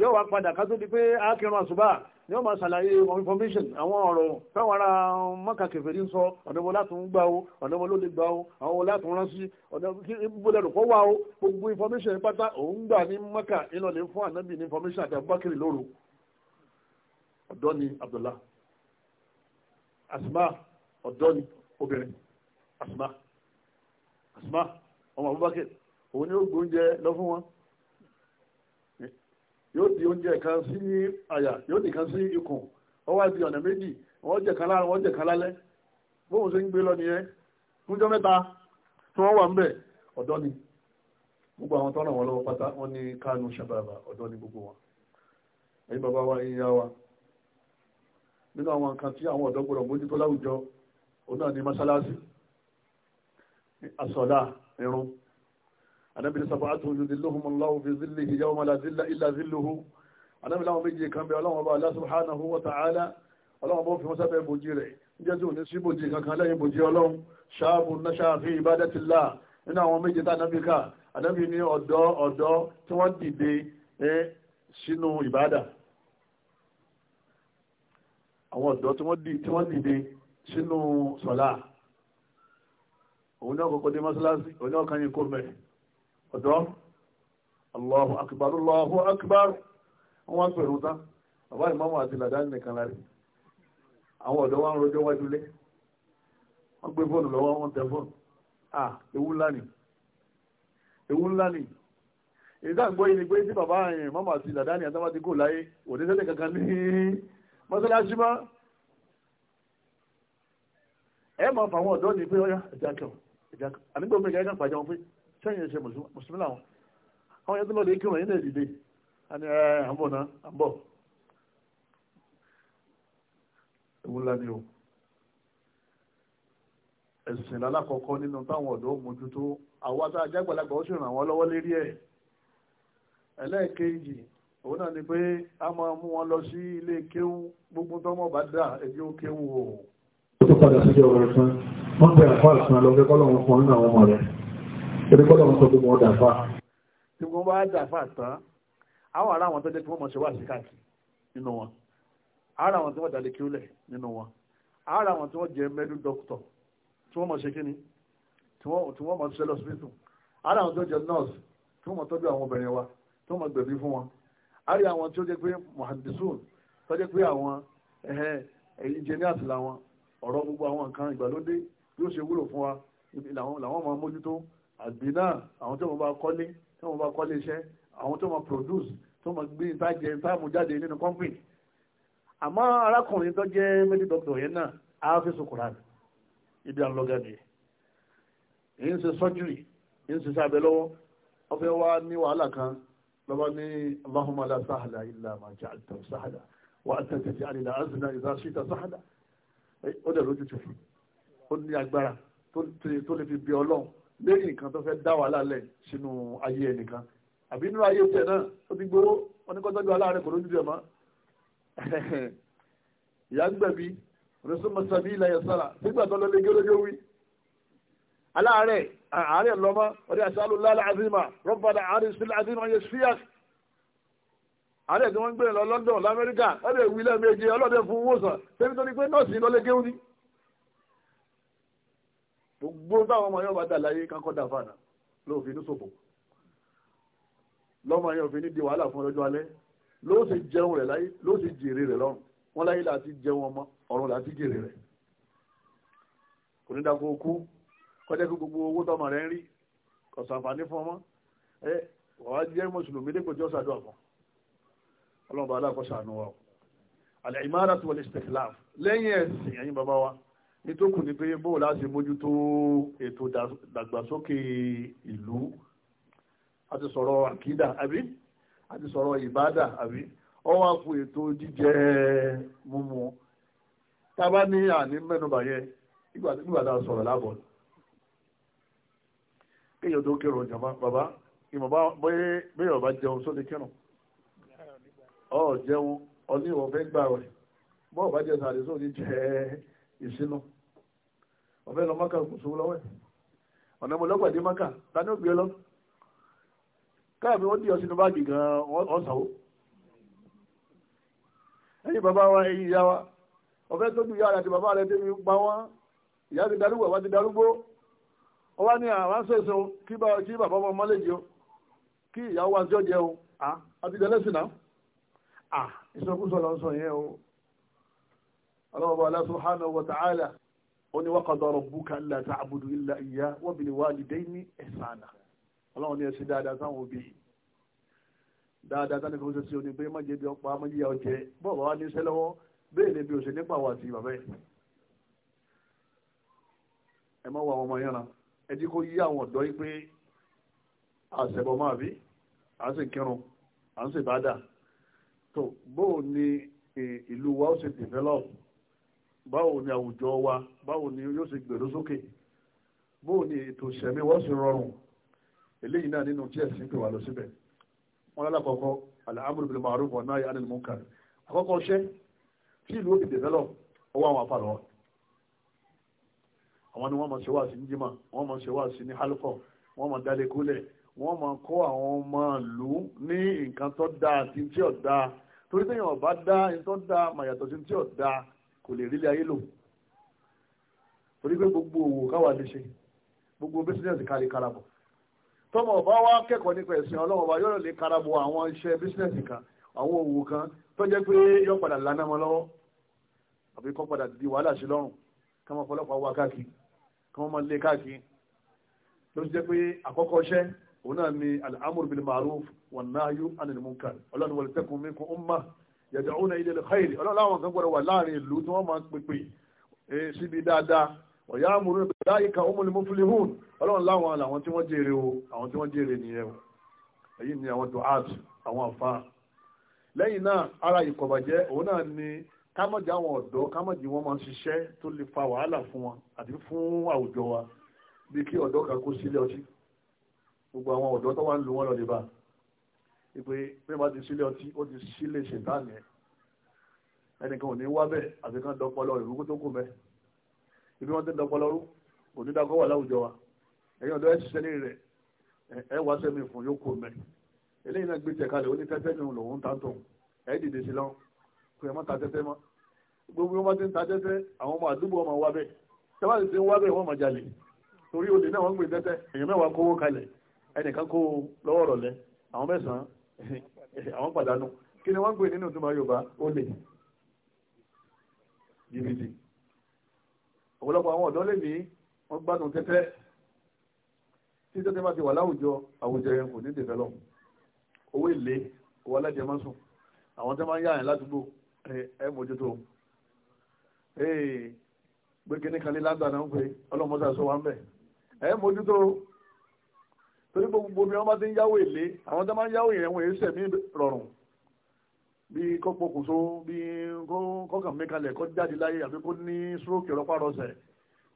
yóò wá padà ká tó di pé akẹrun àṣùbà ni wọ́n máa information àwọn ọ̀rọ̀ táwọn ará mọ́kà kẹfẹ́rí ń sọ ọ̀dọ́mọ látún gbà ó ọ̀dọ́mọ ló lè gbà ó àwọn ọmọ látún rán sí ọ̀dọ́mọ lẹ́rù kọ́ wà ó gbogbo information pátá òun gbà ní mọ́kà ìlọlẹ̀ fún ànábì ní information àti abubakar lóru ọ̀dọ́ ni Abdullah asma ọdọni obere obìnrin asma asma ọmọ abubakar òun ni ó gbo lọ fún wọn yóò di oúnjẹ kan sí àyà yóò di kan sí ikùn ó wá di ọ̀nà méjì wọ́n jẹ kan láàrin wọ́n jẹ kan lálẹ́ bóun ṣe ń gbé lọ nìyẹn mẹ́ta tí wọ́n wà ń bẹ̀ ọ̀dọ́ ni gbogbo àwọn tọ́nà wọn lọ́wọ́ pátá wọ́n gbogbo wọn ẹ̀yin bàbá wa ẹ̀yin yá wa nínú àwọn nǹkan tí àwọn ọ̀dọ́ gbọ́dọ̀ mójútó láwùjọ òun náà ni mọ́sálásí asọ̀lá irun anábìlẹ̀ sàbáàtù yudilluhumullahu fi zillihi yawma la zilla illa zilluhu anábìlẹ̀ àwọn méjì kan bẹ ọlọ́wọ́n bá Allah subhanahu wa ta'ala ọlọ́wọ́n bó fi wọ́n sábẹ́ bòjì rẹ̀ níjẹ́ tí ò ní sí bòjì kankan lẹ́yìn bòjì ọlọ́run ṣáàbù náṣà fi ibadatillah nínú àwọn méjì tá àwọn ọ̀dọ́ tí wọ́n dìde sínú sọ̀lá òun náà kọ́kọ́ dé mọ́sálásí òun náà kàn yín kó mẹ́ ọ̀dọ́ Allahu akbar Allahu akbar wọ́n wá pẹ̀lú tán bàbá ìmáàmù àti làdáni nìkan láre àwọn ọ̀dọ́ wa ń rojọ́ wájú lé wọ́n gbé fóònù lọ́wọ́ wọn tẹ fóònù à ewu ńlá ni ewu ńlá ni èyí tá à ń gbọ́ yìí ni pé tí bàbá ìmáàmù àti làdáni àtàwọn ti kò láyé òdẹ́sẹ́lẹ̀ kankan ní mọ́sálásí mọ́ ẹ mọ̀ fáwọn ọ̀dọ́ ní pé ọ̀yá ìjákẹ́ ìjákẹ́ ànígbò mi kẹ́kẹ́ pàjọ wọn pé sẹ́yìn ẹ̀ṣẹ̀ mùsùlùmí làwọn àwọn yẹn tó lọ́ọ́ lè ewu ni o ẹ̀sìn lálákọ̀ọ́kọ́ nínú táwọn ọ̀dọ́ mójútó àwọn ó sì ràn wọ́n lọ́wọ́ lérí ẹ̀ òun náà ni pé a máa mú wọn lọ sí ilé kéwú gbogbo tọ́mọ̀ bá dà ẹjọ́ kéwú o. ó tó padà sí ọ̀rọ̀ ẹ̀sán wọ́n bẹ àfa àsìn àlọ́fẹ́ kọ́lọ́run fún nínú àwọn ọmọ rẹ̀ torí kọ́lọ́run sọ pé wọ́n dàfà. tí wọ́n bá dàfà tán àwọn ará àwọn tó jẹ́ kí wọ́n mọ̀ ṣe wá sí káàkiri nínú wọn ara àwọn tí wọ́n dalẹ̀ kí ó lẹ̀ nínú wọn ara àwọn tí wọ́n jẹ́ mẹ́lú dókítọ̀ tí wọ́n mọ̀ ṣe kí ni tí wọ́n mọ̀ ṣe lọ́sibítù ara àwọn tí wọ́n jẹ́ nọ́ọ̀sì tí wọ́n mọ̀ tọ́jú àwọn obìnrin wa tí wọ́n mọ̀ gbẹ̀bí fún wọn a rí àwọn tí ó jẹ́ pé muhandisun tó jẹ́ pé àwọn engineers làwọn ọ̀rọ̀ gbogbo àwọn nǹkan ìgbàlódé bí ó ṣe wúlò fún wa làwọn máa mójútó àgbẹ̀ náà àwọn tí wọ́n bá kọ́lé tí wọ́n bá kọ́lé iṣẹ́ àwọn tí wọ́n máa produce tí wọ́n máa gbé ìtajẹ ìtamu jáde nínú company àmọ́ arákùnrin tó jẹ́ medical doctor yẹn náà á fi sùkúrà ibi àlọ́gàdì èyí ń ṣe surgery èyí ń ṣe sábẹ́ lọ́wọ́ wọ́n fẹ́ wá ní wàhálà kan lọ́wọ́ ní Allahumma la sahla illa ma ja'altahu sahla wa anta taj'alu al-hazna idha shi'ta sahla ó dẹ̀ lójú ti fún ó ní agbára tó lè fi bí ọlọ́run lórí nǹkan tó fẹ́ dá wà lálẹ́ sínú ayé ẹnìkan àbí nínú ayé tiẹ̀ náà ó ti gbowó wọn ní kọ́tọ́jú aláàárẹ̀ kò lójú tiẹ̀ mọ́ ìyá gbẹ̀bí rẹ̀sùn mọ́sàbí ilẹ̀ yẹn sára sígbà tó lọ àárẹ̀ lọ́mọ́ ọdẹ àṣàlù lálẹ́ àzìmà rọ́bàdà àárẹ̀ sílẹ̀ àzìmà yẹ síyàs àárẹ̀ tí wọ́n ń gbé lọ London lamẹ́ríkà ọdẹ ìwí lẹ́ẹ̀mejì ọlọ́dẹ fún wòsàn ṣebí tó ní pé nọ́ọ̀sì lọ́lẹ́ géun ni. gbogbo táwọn ọmọ yóò bá dà láyé kankọ́ dà fànà lóòfin ní sòbò lọ́mọ yóò fi ní di wàhálà fún ọjọ́ alẹ́ ló sì jẹun rẹ̀ láyé ló sì jèrè rẹ̀ lọ́rùn wọn láyé láti jẹun ọmọ ọ̀run láti jèrè rẹ̀ kò ní dàgbò kú kọjá kí gbogbo owó tọmọ rẹ ń rí kò sàǹfààní fún ọmọ ẹ wàá jẹ́ mùsùlùmí dípò jọ́ sàdúrà fún ọlọ́run bá aláàkọ́sà àánú wa àlẹ́ ìmáàrà tí wọ́n lè stẹ̀kìláàf lẹ́yìn ẹ̀sìn bàbá wa ní tó kù ní pé bó láti mójútó ètò ìdàgbàsókè ìlú a ti sọ̀rọ̀ àkídà àbí a ti sọ̀rọ̀ ìbádà àbí ọwọ́ àpò ètò jíjẹ múmu tá a bá ní àní mẹ́nubà nígbà tá a sọ̀rọ̀ lábọ̀ kéèyàn tó kérò jàmá bàbá ìmọ̀ bá bẹ́ẹ̀ ọba jẹun sóde kírun ọ jẹun ọní ìwọ̀n fẹ́ gbà rẹ̀ bọ́ ọba jẹ sàrẹ̀ sóde jẹ ìsinú ọ̀fẹ́ lọ mọ́kà kò sówó lọ́wọ́ ẹ̀ ọ̀nà mo lọ́gbàdé mọ́kà ta ni ó gbé e lọ káàmì wọ́n dì ọ sínú báàgì gan-an ọ̀sàwó ẹ̀yìn bàbá wa ẹ̀yìn ìyá wa ọ̀fẹ́ tó ju ìyá rẹ̀ àti bàbá rẹ̀ débi pa wọ́n ìyá ti darúgbó àwa ti darúgbó ó wá ní àwọn ah, ṣèṣe o kí bàbá ọmọ ọmọ lè jẹ o kí ìyàwó wa jọ jẹ o àti ah, ìdẹ́lẹ́sìn náà à ah, ìsọkúsọ lọ sọ yẹn o ọlọ́wọ́ Allah subhanahu wa ta'ala ó ní wa qada rabbuka alla ta'budu illa iyyah wa bil walidayni ihsana ọlọ́wọ́ ní ẹ̀sìn dáadáa sáwọn ni bí ẹ má wà ọmọ yẹn náà ẹjí kó yí àwọn ọ̀dọ́ yí pé àṣẹbọ máa bí à ń ṣe kírun à ń ṣe bàdà tó bóò ni ìlú wa ó ṣe develop báwo ni àwùjọ wa báwo ni yóò ṣe gbèrú sókè bóò ni ètò ìṣẹ̀mí wọ́n ṣe rọrùn eléyìí náà nínú tí ẹ̀sìn pè wá lọ síbẹ̀ wọn lálàkọ̀ọ́kọ́ al-amru bil ma'ruf wa nahy anil munkar àkọ́kọ́ ṣẹ́ tí ìlú ó ti develop ọwọ́ àwọn afárọ̀ wọn àwọn ni wọ́n mọ̀ ṣe wá sí jimá wọ́n mọ̀ ṣe wá sí ní hálùkọ̀ wọ́n mọ̀ dalẹ̀ kólẹ̀ wọ́n mọ̀ kó àwọn ọmọ ìlú ní nǹkan tó dáa àti tí ò dáa torí téèyàn ò bá dá ní tó dáa màyàtọ̀ sí tí ò dáa kò lè rílé ayé lò torí pé gbogbo òwò káwa lè ṣe gbogbo bísíǹsì kárí karabọ̀ tọmọ ọba wa kẹ́kọ̀ọ́ nípa ẹ̀sìn Ọlọ́run ọba yóò lè karabọ̀ àwọn iṣẹ́ bísíǹsì kan àwọn òwò kan tó jẹ́ pé yọ padà lánàá mọ́ àbí kọ́ padà di wàhálà sí lọ́rùn káwọn ọ̀pọ̀lọpọ̀ wá káàkiri wọ́n máa lé káàkiri ló jẹ́ pé àkọ́kọ́ iṣẹ́ òun náà ni al'amur bil ma'ruf wan nahyu anil munkar ọlọ́run wal takun minkum ummah yad'una ila al-khair ọlọ́run láwọn kan gbọ́dọ̀ wà láàrin ìlú tí wọ́n máa pèpè e, síbi dáadáa wa ya'muruna bil 'adli ka humul muflihun ọlọ́run láwọn àwọn tí wọ́n jèrè o àwọn tí wọ́n jèrè nìyẹn o èyí ni àwọn du'at àwọn àfa lẹ́yìn náà ara ìkọ̀bàjẹ́ òun náà ni kámọ̀jì àwọn ọ̀dọ́ kámọ̀jì wọn máa ń ṣiṣẹ́ tó lè fa wàhálà fún wọn àti fún àwùjọ wa bí kí ọ̀dọ́ kan kó sílé ọtí gbogbo àwọn ọ̀dọ́ tó wá ń lu wọn lọ́lẹ́ bá ìpè bí wọ́n ti sílé ọtí ó ti sílé ṣètánì ẹnìkan ò ní wá bẹ́ẹ̀ àti kan dọ́pọ̀lọ́ ìlú kó tó kù mẹ́ ibi wọ́n ti dọ́pọ̀lọ́ rú kò ní dákọ́ wà láwùjọ wa ẹ̀yin ọ̀dọ́ ẹ̀ ṣiṣẹ́ ní rẹ̀ ẹ wá sẹ́mi fún yóò kù mẹ́ eléyìí náà gbé tẹ̀ kalẹ̀ ó ní tẹ́tẹ́ ní òun lòun tántò ẹ̀ dìde sí lọ́wọ́ kò yẹ mọ́ ta tẹ́tẹ́ mọ́ gbogbo wọn ti ń ta tẹ́tẹ́ àwọn ọmọ àdúgbò ọmọ wa bẹ́ẹ̀ tẹ́wá ti ń wá bẹ́ẹ̀ wọ́n mọ̀ jalè torí olè náà wọ́n ń gbé tẹ́tẹ́ èèyàn mẹ́wàá kówó kalẹ̀ ẹnìkan kó lọ́wọ́ rọ̀lẹ́ àwọn mẹ́sàn-án àwọn pàdánù kí ni wọ́n ń gbé nínú ìtumọ̀ Yorùbá olè jìbìtì ọ̀pọ̀lọpọ̀ àwọn ọ̀dọ́ lè ní wọ́n gbádùn tẹ́tẹ́ tí tẹ́tẹ́ bá ti wà láwùjọ àwùjọ yẹn kò ní develop owó èlé owó alájẹmọ́sùn àwọn tẹ́ máa ń yáyàn ládùúgbò ẹ mójútó pé kíní kan ní lágbàá náà ń pè ọlọ́mọdé àṣọ wa ń bẹ̀ ẹ mójútó torí gbogbo mi wọn bá ti ń yáwó èlé àwọn tó máa ń yáwó yẹn wọn èyí sẹ̀mí rọrùn bí kọ́pọ̀kùnso bí kọ́kàn mẹ́kalẹ̀ kọ́ jáde láyé àfi kó ní stroke rọpárọsẹ̀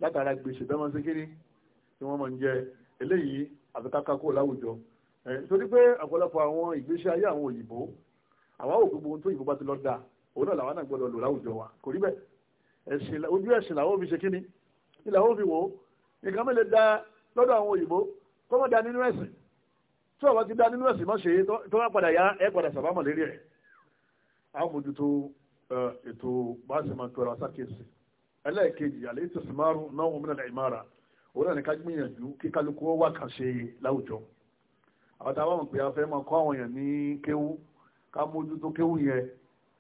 látara gbèsè bẹ́ẹ̀ máa ń ṣe kiri tí wọ́n máa ń jẹ eléyìí àfi káká kó láwùjọ torí pé ọ̀pọ̀lọpọ̀ àwọn ìgbésí ayé àwọn òyìnbó àwọn òkú gbogbo tó òyìnbó bá ti lọ dáa òun náà làwọn náà gbọ́dọ̀ lò láwùjọ wa kò rí bẹ́ẹ̀ ẹ̀sìn ojú ẹ̀sìn làwọn fi ṣe kíni ilà wọn fi wò ó nǹkan mẹ́lẹ̀ da lọ́dọ̀ àwọn òyìnbó tó mọ̀ da nínú ẹ̀sìn tí ọ̀wọ́ ti da nínú ẹ̀sìn mọ̀ ṣe tó wá padà yá ẹ̀ padà sàbámọ̀ lérí rẹ̀ àwọn mójútó ètò bá ṣe máa tọrọ sákèsì ẹlẹ́ẹ̀kejì àlẹ́ ètò ìsìmárù náà wọn mìíràn ìmára òun náà ní ká gbìyànjú kí ká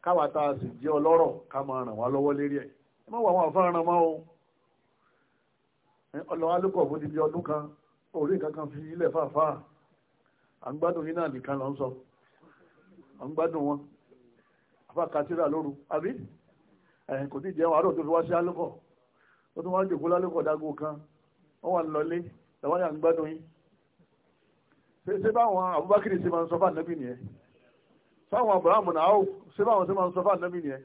káwa tá a sì jẹ́ ọlọ́rọ̀ ká máa ràn wá lọ́wọ́ lérí ẹ̀ ẹ má wà wọn àfa ràn mọ́ o ọlọ́wọ́ alúkọ̀ fún ti di ọdún kan orí nǹkan kan fi ilẹ̀ fàáfà à ń gbádùn yín náà nìkan lọ ń sọ à ń gbádùn wọn àfa lóru àbí ẹ̀hìn kò tí ì jẹun àárọ̀ tó fi wá sí alúkọ̀ ó tún wá jòkó lálúkọ̀ dágó kan wọ́n wà lọlé ẹ̀wọ́n yà ń gbádùn ṣe báwọn Abubakar ṣe máa ń sọ fún ànábì nìyẹn sáwọn abrahamu náà áwò ṣé báwọn ṣe máa ń sọ fáà nẹ́bí nìyẹn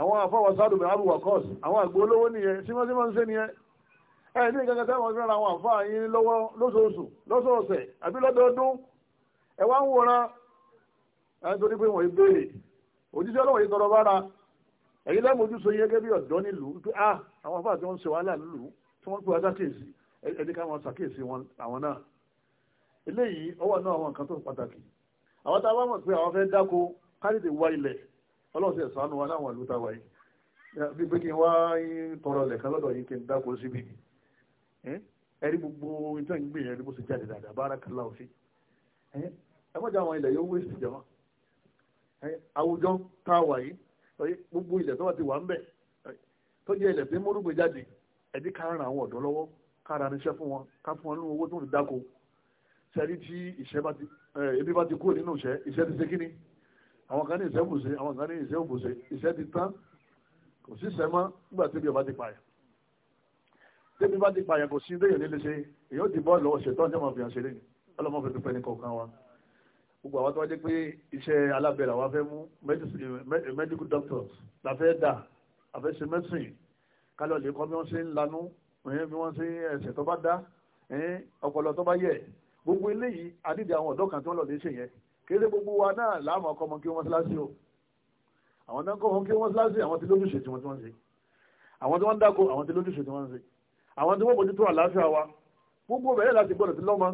àwọn afọwọ́ sáàdù bẹ̀rẹ̀ àbúwà kọ́ọ̀sì àwọn àgbò olówó nìyẹn ṣé wọ́n ṣe máa nìyẹn ẹ ní ìkankan táwọn fi ra àwọn àbí ẹ wá ń wòran pé so yẹ gẹ́gẹ́ bí ọ̀dọ́ nílùú pé a àwọn afáà tí wọ́n ṣe wàhálà nílùú tí wọ́n pè àwọn tá a bá mọ̀ pé àwọn fẹ́ dáko káyọ̀dé wá ilẹ̀ ọlọ́run sì sànù wa láwọn ìlú táwa yìí bí pé kí n wá tọrọ ilẹ̀ kan lọ́dọ̀ yìí kí n dáko síbi ẹ̀rí gbogbo ìtàn ìgbìyànjú bó ṣe jáde dáadáa bára kan láwọn fi ẹ mọ̀jà àwọn ilẹ̀ yóò wéṣì jẹ́ wọn àwùjọ táwa yìí gbogbo ilẹ̀ tó wà ti wà ń bẹ̀ tó jẹ́ ilẹ̀ tí mórúgbé jáde ẹ̀dí ká ran àwọn ọ̀dọ́ lọ́wọ́ ká ra sẹ́rí tí ìṣẹ́ bá ti ebi bá ti kúrò nínú ìṣẹ́ ìṣẹ́ ti ṣe kíní àwọn kan ní ìṣẹ́ òbòṣe àwọn kan ní ìṣẹ́ òbòṣe ìṣẹ́ ti tán kò sí ìṣẹ́ mọ́ nígbà tí ebi ọba ti pààyàn tẹ́bi bá ti pààyàn kò sí déyàn nílé ṣe èyàn ti bọ́ lọ́wọ́ ṣètọ́ ọjọ́ máa fi hàn ṣeré ni ọlọ́mọ fi dúpẹ́ ní kọ̀ọ̀kan wa gbogbo àwọn tó wá pé iṣẹ́ alábẹ́rẹ́ àwa fẹ́ mú medical doctors la fẹ́ dà àfẹ́ ṣe medicine kálọ̀ lè kọ́ bí wọ́n ṣe ń lanú bí wọ́n ṣe ẹsẹ̀ tó bá dá ọpọlọ tó bá yẹ gbogbo eléyìí àdídì àwọn ọ̀dọ́ kan tí wọ́n lọ lè ṣe yẹn kéré gbogbo wa náà láàmú ọkọ ọmọ kí wọ́n síláṣí o àwọn tó ń kọ́ ọmọ kí wọ́n síláṣí àwọn tí lójúṣe tí wọ́n ti wọ́n ṣe àwọn tí wọ́n ń dáko àwọn tí lójúṣe tí wọ́n ń ṣe àwọn tí wọ́n bójú tó àlàáfíà wa gbogbo bẹ̀rẹ̀ láti gbọ́dọ̀ ti lọ́mọ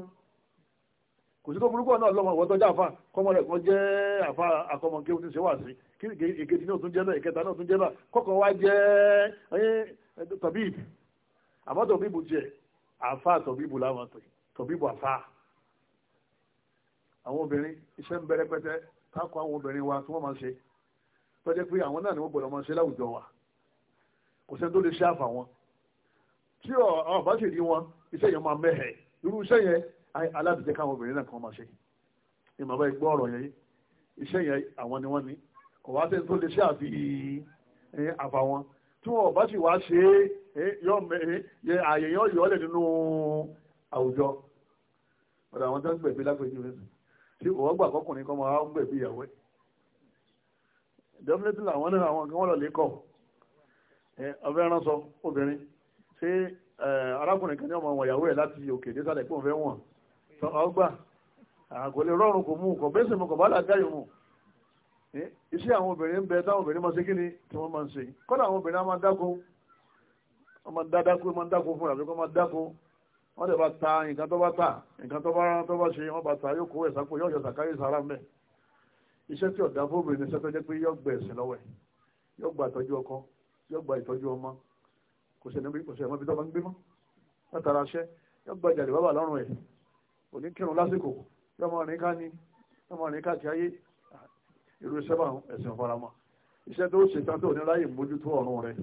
kò sí tó burúkú náà lọ́mọ ìwọ́n tó jẹ́ àfa kọ́mọ rẹ̀ kan jẹ́ àfa àkọ́mọ kí wọ́n ti ṣe wà sí ìkejì náà tún jẹ́ bẹ́ẹ̀ ìkẹta náà tún jẹ́ bẹ́ẹ̀ kọ́kọ́ wá jẹ́ tọ̀bíìbù àmọ́ tọ̀bíìbù jẹ́ àfa tọ̀bíìbù láwọn tọ̀bíìbù àfa àwọn obìnrin iṣẹ́ ń bẹ̀rẹ̀ pẹ́tẹ́ káàkó àwọn obìnrin wa tí wọ́n máa ṣe tó pé àwọn náà ni wọ́n gbọ́dọ̀ máa ṣe láwùjọ wa kò sẹ́ni tó lè ṣe àfà wọn tí ọba sì rí wọn iṣẹ́ yẹn máa mẹ́hẹ̀ irú iṣẹ́ yẹn aládùúgbò káwọn obìnrin náà kan máa ṣe ìmọ̀ bá gbọ́ ọ̀rọ̀ yẹn iṣẹ́ yẹn àwọn ni wọ́n ní kò wá sẹ́ni tó lè ṣe àfi àfà wọn tí wọn ọba sì wá ṣe é yọ àwùjọ ọ̀dọ̀ àwọn tó ń gbẹ̀gbẹ́ lápẹ̀jú rẹ̀ sùn tí wọ́n gbà kọkùnrin kan máa ń bẹ̀bí ìyàwó ẹ̀ definitely làwọn náà àwọn kan wọ́n lọ lè kọ̀ ọ̀fẹ́ ránṣọ obìnrin ṣé arákùnrin kan ní ọmọ wọn ìyàwó ẹ̀ láti òkè désàlẹ̀ pé òun fẹ́ wọ̀n ọgbà kò lè rọrùn kò mú kò bẹ́sẹ̀ mu kò bá làgá yòó mu iṣẹ́ àwọn obìnrin ń bẹ táwọn obìnrin máa ṣe kí ni tí wọ́n máa ń ṣe kọ́dà àwọn obìnrin á máa dákun á máa dákun fúnra wọ́n máa dákun wọ́n dẹ̀ bá ta nǹkan tó bá ta nǹkan tó bá rán tó bá ṣe wọ́n bá ta yóò kó ẹ̀ sápò yóò yọ sàkáyé sára mẹ́ iṣẹ́ tí ọ̀dà fóònù ní iṣẹ́ tó jẹ́ pé yóò gbẹ̀ ẹ̀sìn lọ́wọ́ ẹ̀ yóò gba ìtọ́jú ọkọ yóò gba ìtọ́jú ọmọ kò sí ẹ̀mí kò sí ẹ̀mí tó bá ń gbé mọ́ látara iṣẹ́ yóò gba ìjàlè bàbà lọ́rùn ẹ̀ kò ní kírun lásìkò yọmọ rìn ká ní yọmọ rìn ká ti ayé irú iṣẹ́ bá ẹ̀sìn faramọ́ iṣẹ́ tó ṣe tán tó ní láyè mójútó ọ̀run rẹ̀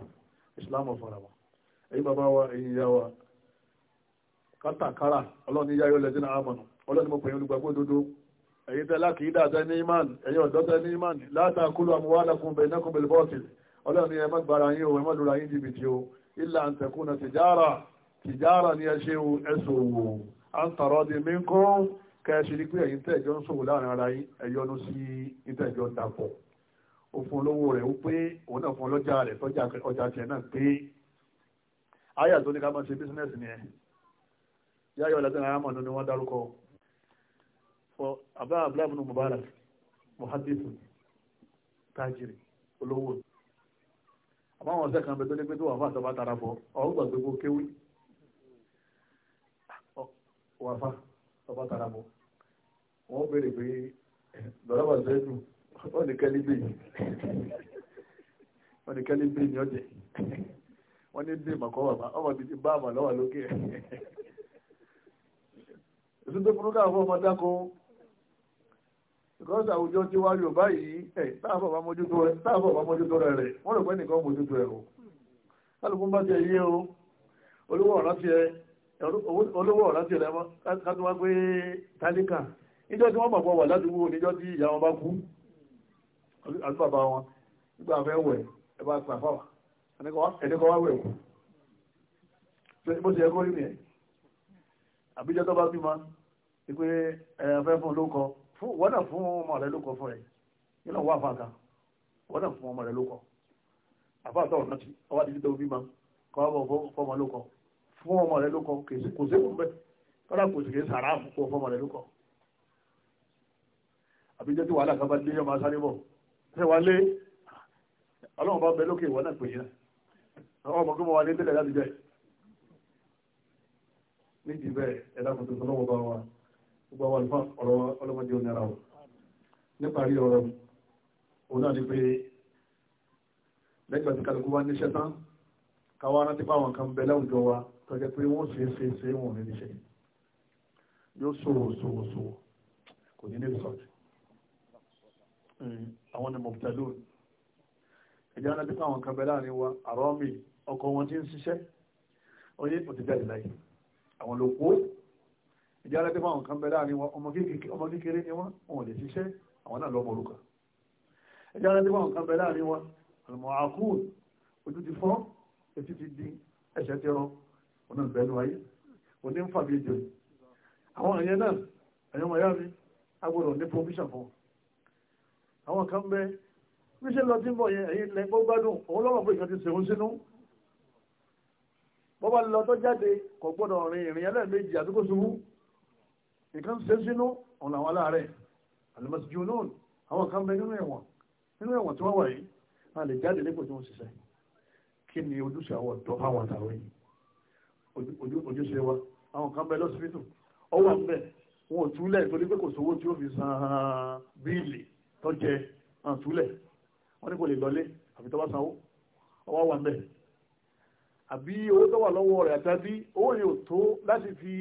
kátàkárà ọlọ́run ní yáyọ́ lẹ́sìn náà àmọ̀nù ọlọ́run mo pèyàn olùgbàgbọ́ òdodo ẹ̀yin tẹ́ lákìídà tẹ́ ní imán ẹ̀yin ọ̀dọ́ tẹ́ ní imán látàkúlù àmúwálàkùn bẹ̀ẹ́nẹ́kùn bẹ̀lẹ́bọ́ọ̀tì ọlọ́run ní ẹ má gbára yín o ẹ má lura yín jìbìtì o ilà ń tẹ̀kùn náà tìjára tìjára ni ẹ ṣe o ẹ ṣòwò à ń tọrọ di mí kó kẹ́ẹ̀ṣì ni pé ẹ̀yin tẹ́ẹ̀jọ́ ń ṣòwò láàrin ara yín ẹ̀yọ́nu yáyọ̀ lẹ́sìn àyàmọ̀nù ni wọ́n dárúkọ fọ àbá abúláàbùnú mubarak muhadithu tajiri olówó àmọ́ àwọn ọ̀sẹ̀ kan bẹ tó ní pé tó wà fún àtọ́bá tara bọ̀ ọ̀hún gbàgbé kó kéwì wà fún àtọ́bá tara bọ̀ wọ́n béèrè pé dọ̀rọ̀bà zẹ́nu wọ́n ní kẹ́lí bí wọ́n ní kẹ́lí bí ni ọ̀jẹ̀ wọ́n ní bí màkọ́ wà ọmọ bíi bá àmà lọ́wọ́ lókè èsì tó burú káwọn ọmọ dáko because àwùjọ ti wá yóò báyìí ẹ táàbọ̀ bá mójútó rẹ táàbọ̀ bá mójútó rẹ rẹ wọ́n rò pé nìkan mójútó rẹ o kálukú bá tiẹ̀ yé o olówó ọ̀rá tiẹ̀ olówó ọ̀rá tiẹ̀ lẹ́mọ́ kátó wá pé tálíkà níjọ́ tí wọ́n mọ̀ pọ̀ wà ládùúgbò níjọ́ tí ìyá wọn bá kú àti bàbá wọn nígbà fẹ́ wẹ̀ ẹ bá pàfà ẹnìkan wá wẹ̀ kú bó ti yẹ kó rí nìyẹn àbíjọ́ tó bá bímọ wípé ẹ̀fẹ́ fún olóko wọ́n náà fún ọmọ rẹ̀ lóko fún rẹ̀ yìí náà wà fàkà wọ́n náà fún ọmọ rẹ̀ lóko àfáàtọ̀ ọ̀nà tí ọwá ti tó bímọ kọ́ ọmọ lóko fún ọmọ rẹ̀ lóko kò sí kò bẹ́ẹ̀ kọ́lá kò sì kì í sàrà fún ọmọ rẹ̀ lóko àbíjọ́ tí wàhálà kan bá dé yọ máa sáré bọ̀ ṣe wà lé ọlọ́run bá bẹ lókè ìwọ náà pè yín ọmọ kí mo wà nídìí bẹ́ẹ̀ ẹ̀dá kò tuntun lọ́wọ́ bá wa gbogbo àwọn àlùfáà ọ̀rọ̀ ọlọ́mọdé onira o níparí ọ̀rọ̀ òun náà ni pé lẹ́gbẹ̀ẹ́ tí kálukú wá níṣẹ́ tán káwá rántí pa àwọn kan bẹ láwùjọ wa tọ́jẹ́ pé wọ́n ṣe é ṣe é ṣe é wọ̀n ní níṣẹ́ yóò ṣòwò ṣòwò ṣòwò kò ní ní ìsọ̀tì àwọn ni mọ̀tẹ́lú ẹ̀jẹ̀ rántí pa àwọn kan bẹ láàrin wa àrọ́mì ọkọ̀ wọn ti ń ṣiṣẹ́ ó yé òtítẹ́ ìláyìí àwọn ló kó rẹ̀ pé báwọn kan bẹ láàrin ọmọ kékeré ni wọn wọn ò lè ṣiṣẹ́ àwọn náà lọ́mọ orúkọ ìjà rẹ̀ pé báwọn kan bẹ láàrin wọn àlùmọ̀ àkúù ojú ti fọ́ etí ti di ẹsẹ̀ ti rọ ọ̀nà ìbẹ̀nu ayé kò ní ń fà bí ejò àwọn àyẹn náà àyẹn wọn yá mi agbọ́dọ̀ ní provision fún àwọn kan bẹ bí lọ sí ń bọ̀ yẹn ẹ̀yin lẹ́gbọ́n òun lọ́wọ́ bó bá lọ tó jáde kò gbọ́dọ̀ rìn ìrìn ẹlẹ́ẹ̀mejì àdúgbò ṣubú nǹkan ṣe sínú ọ̀nà àwọn aláàárẹ̀ àlùmọ̀síjú náà àwọn kan bẹ nínú ẹ̀wọ̀n nínú ẹ̀wọ̀n tí wọ́n wà yìí wọ́n lè jáde nípò tí wọ́n ṣiṣẹ́ kí ni ojúṣe àwọn ọ̀dọ́ fáwọn àtàwọn yìí ojúṣe wa àwọn kan bẹ lọ́sibítù ọwọ́ ń bẹ wọn ò túlẹ̀ torí pé kò sówó tí ó fi san bíìlì tọ́jẹ àtúlẹ̀ wọ́n ní kò lè lọlé àfi tó bá sanwó ọwọ́ wà ń bẹ àbí owó tó wà lọ́wọ́ rẹ̀ àtàbí owó yóò tó láti fi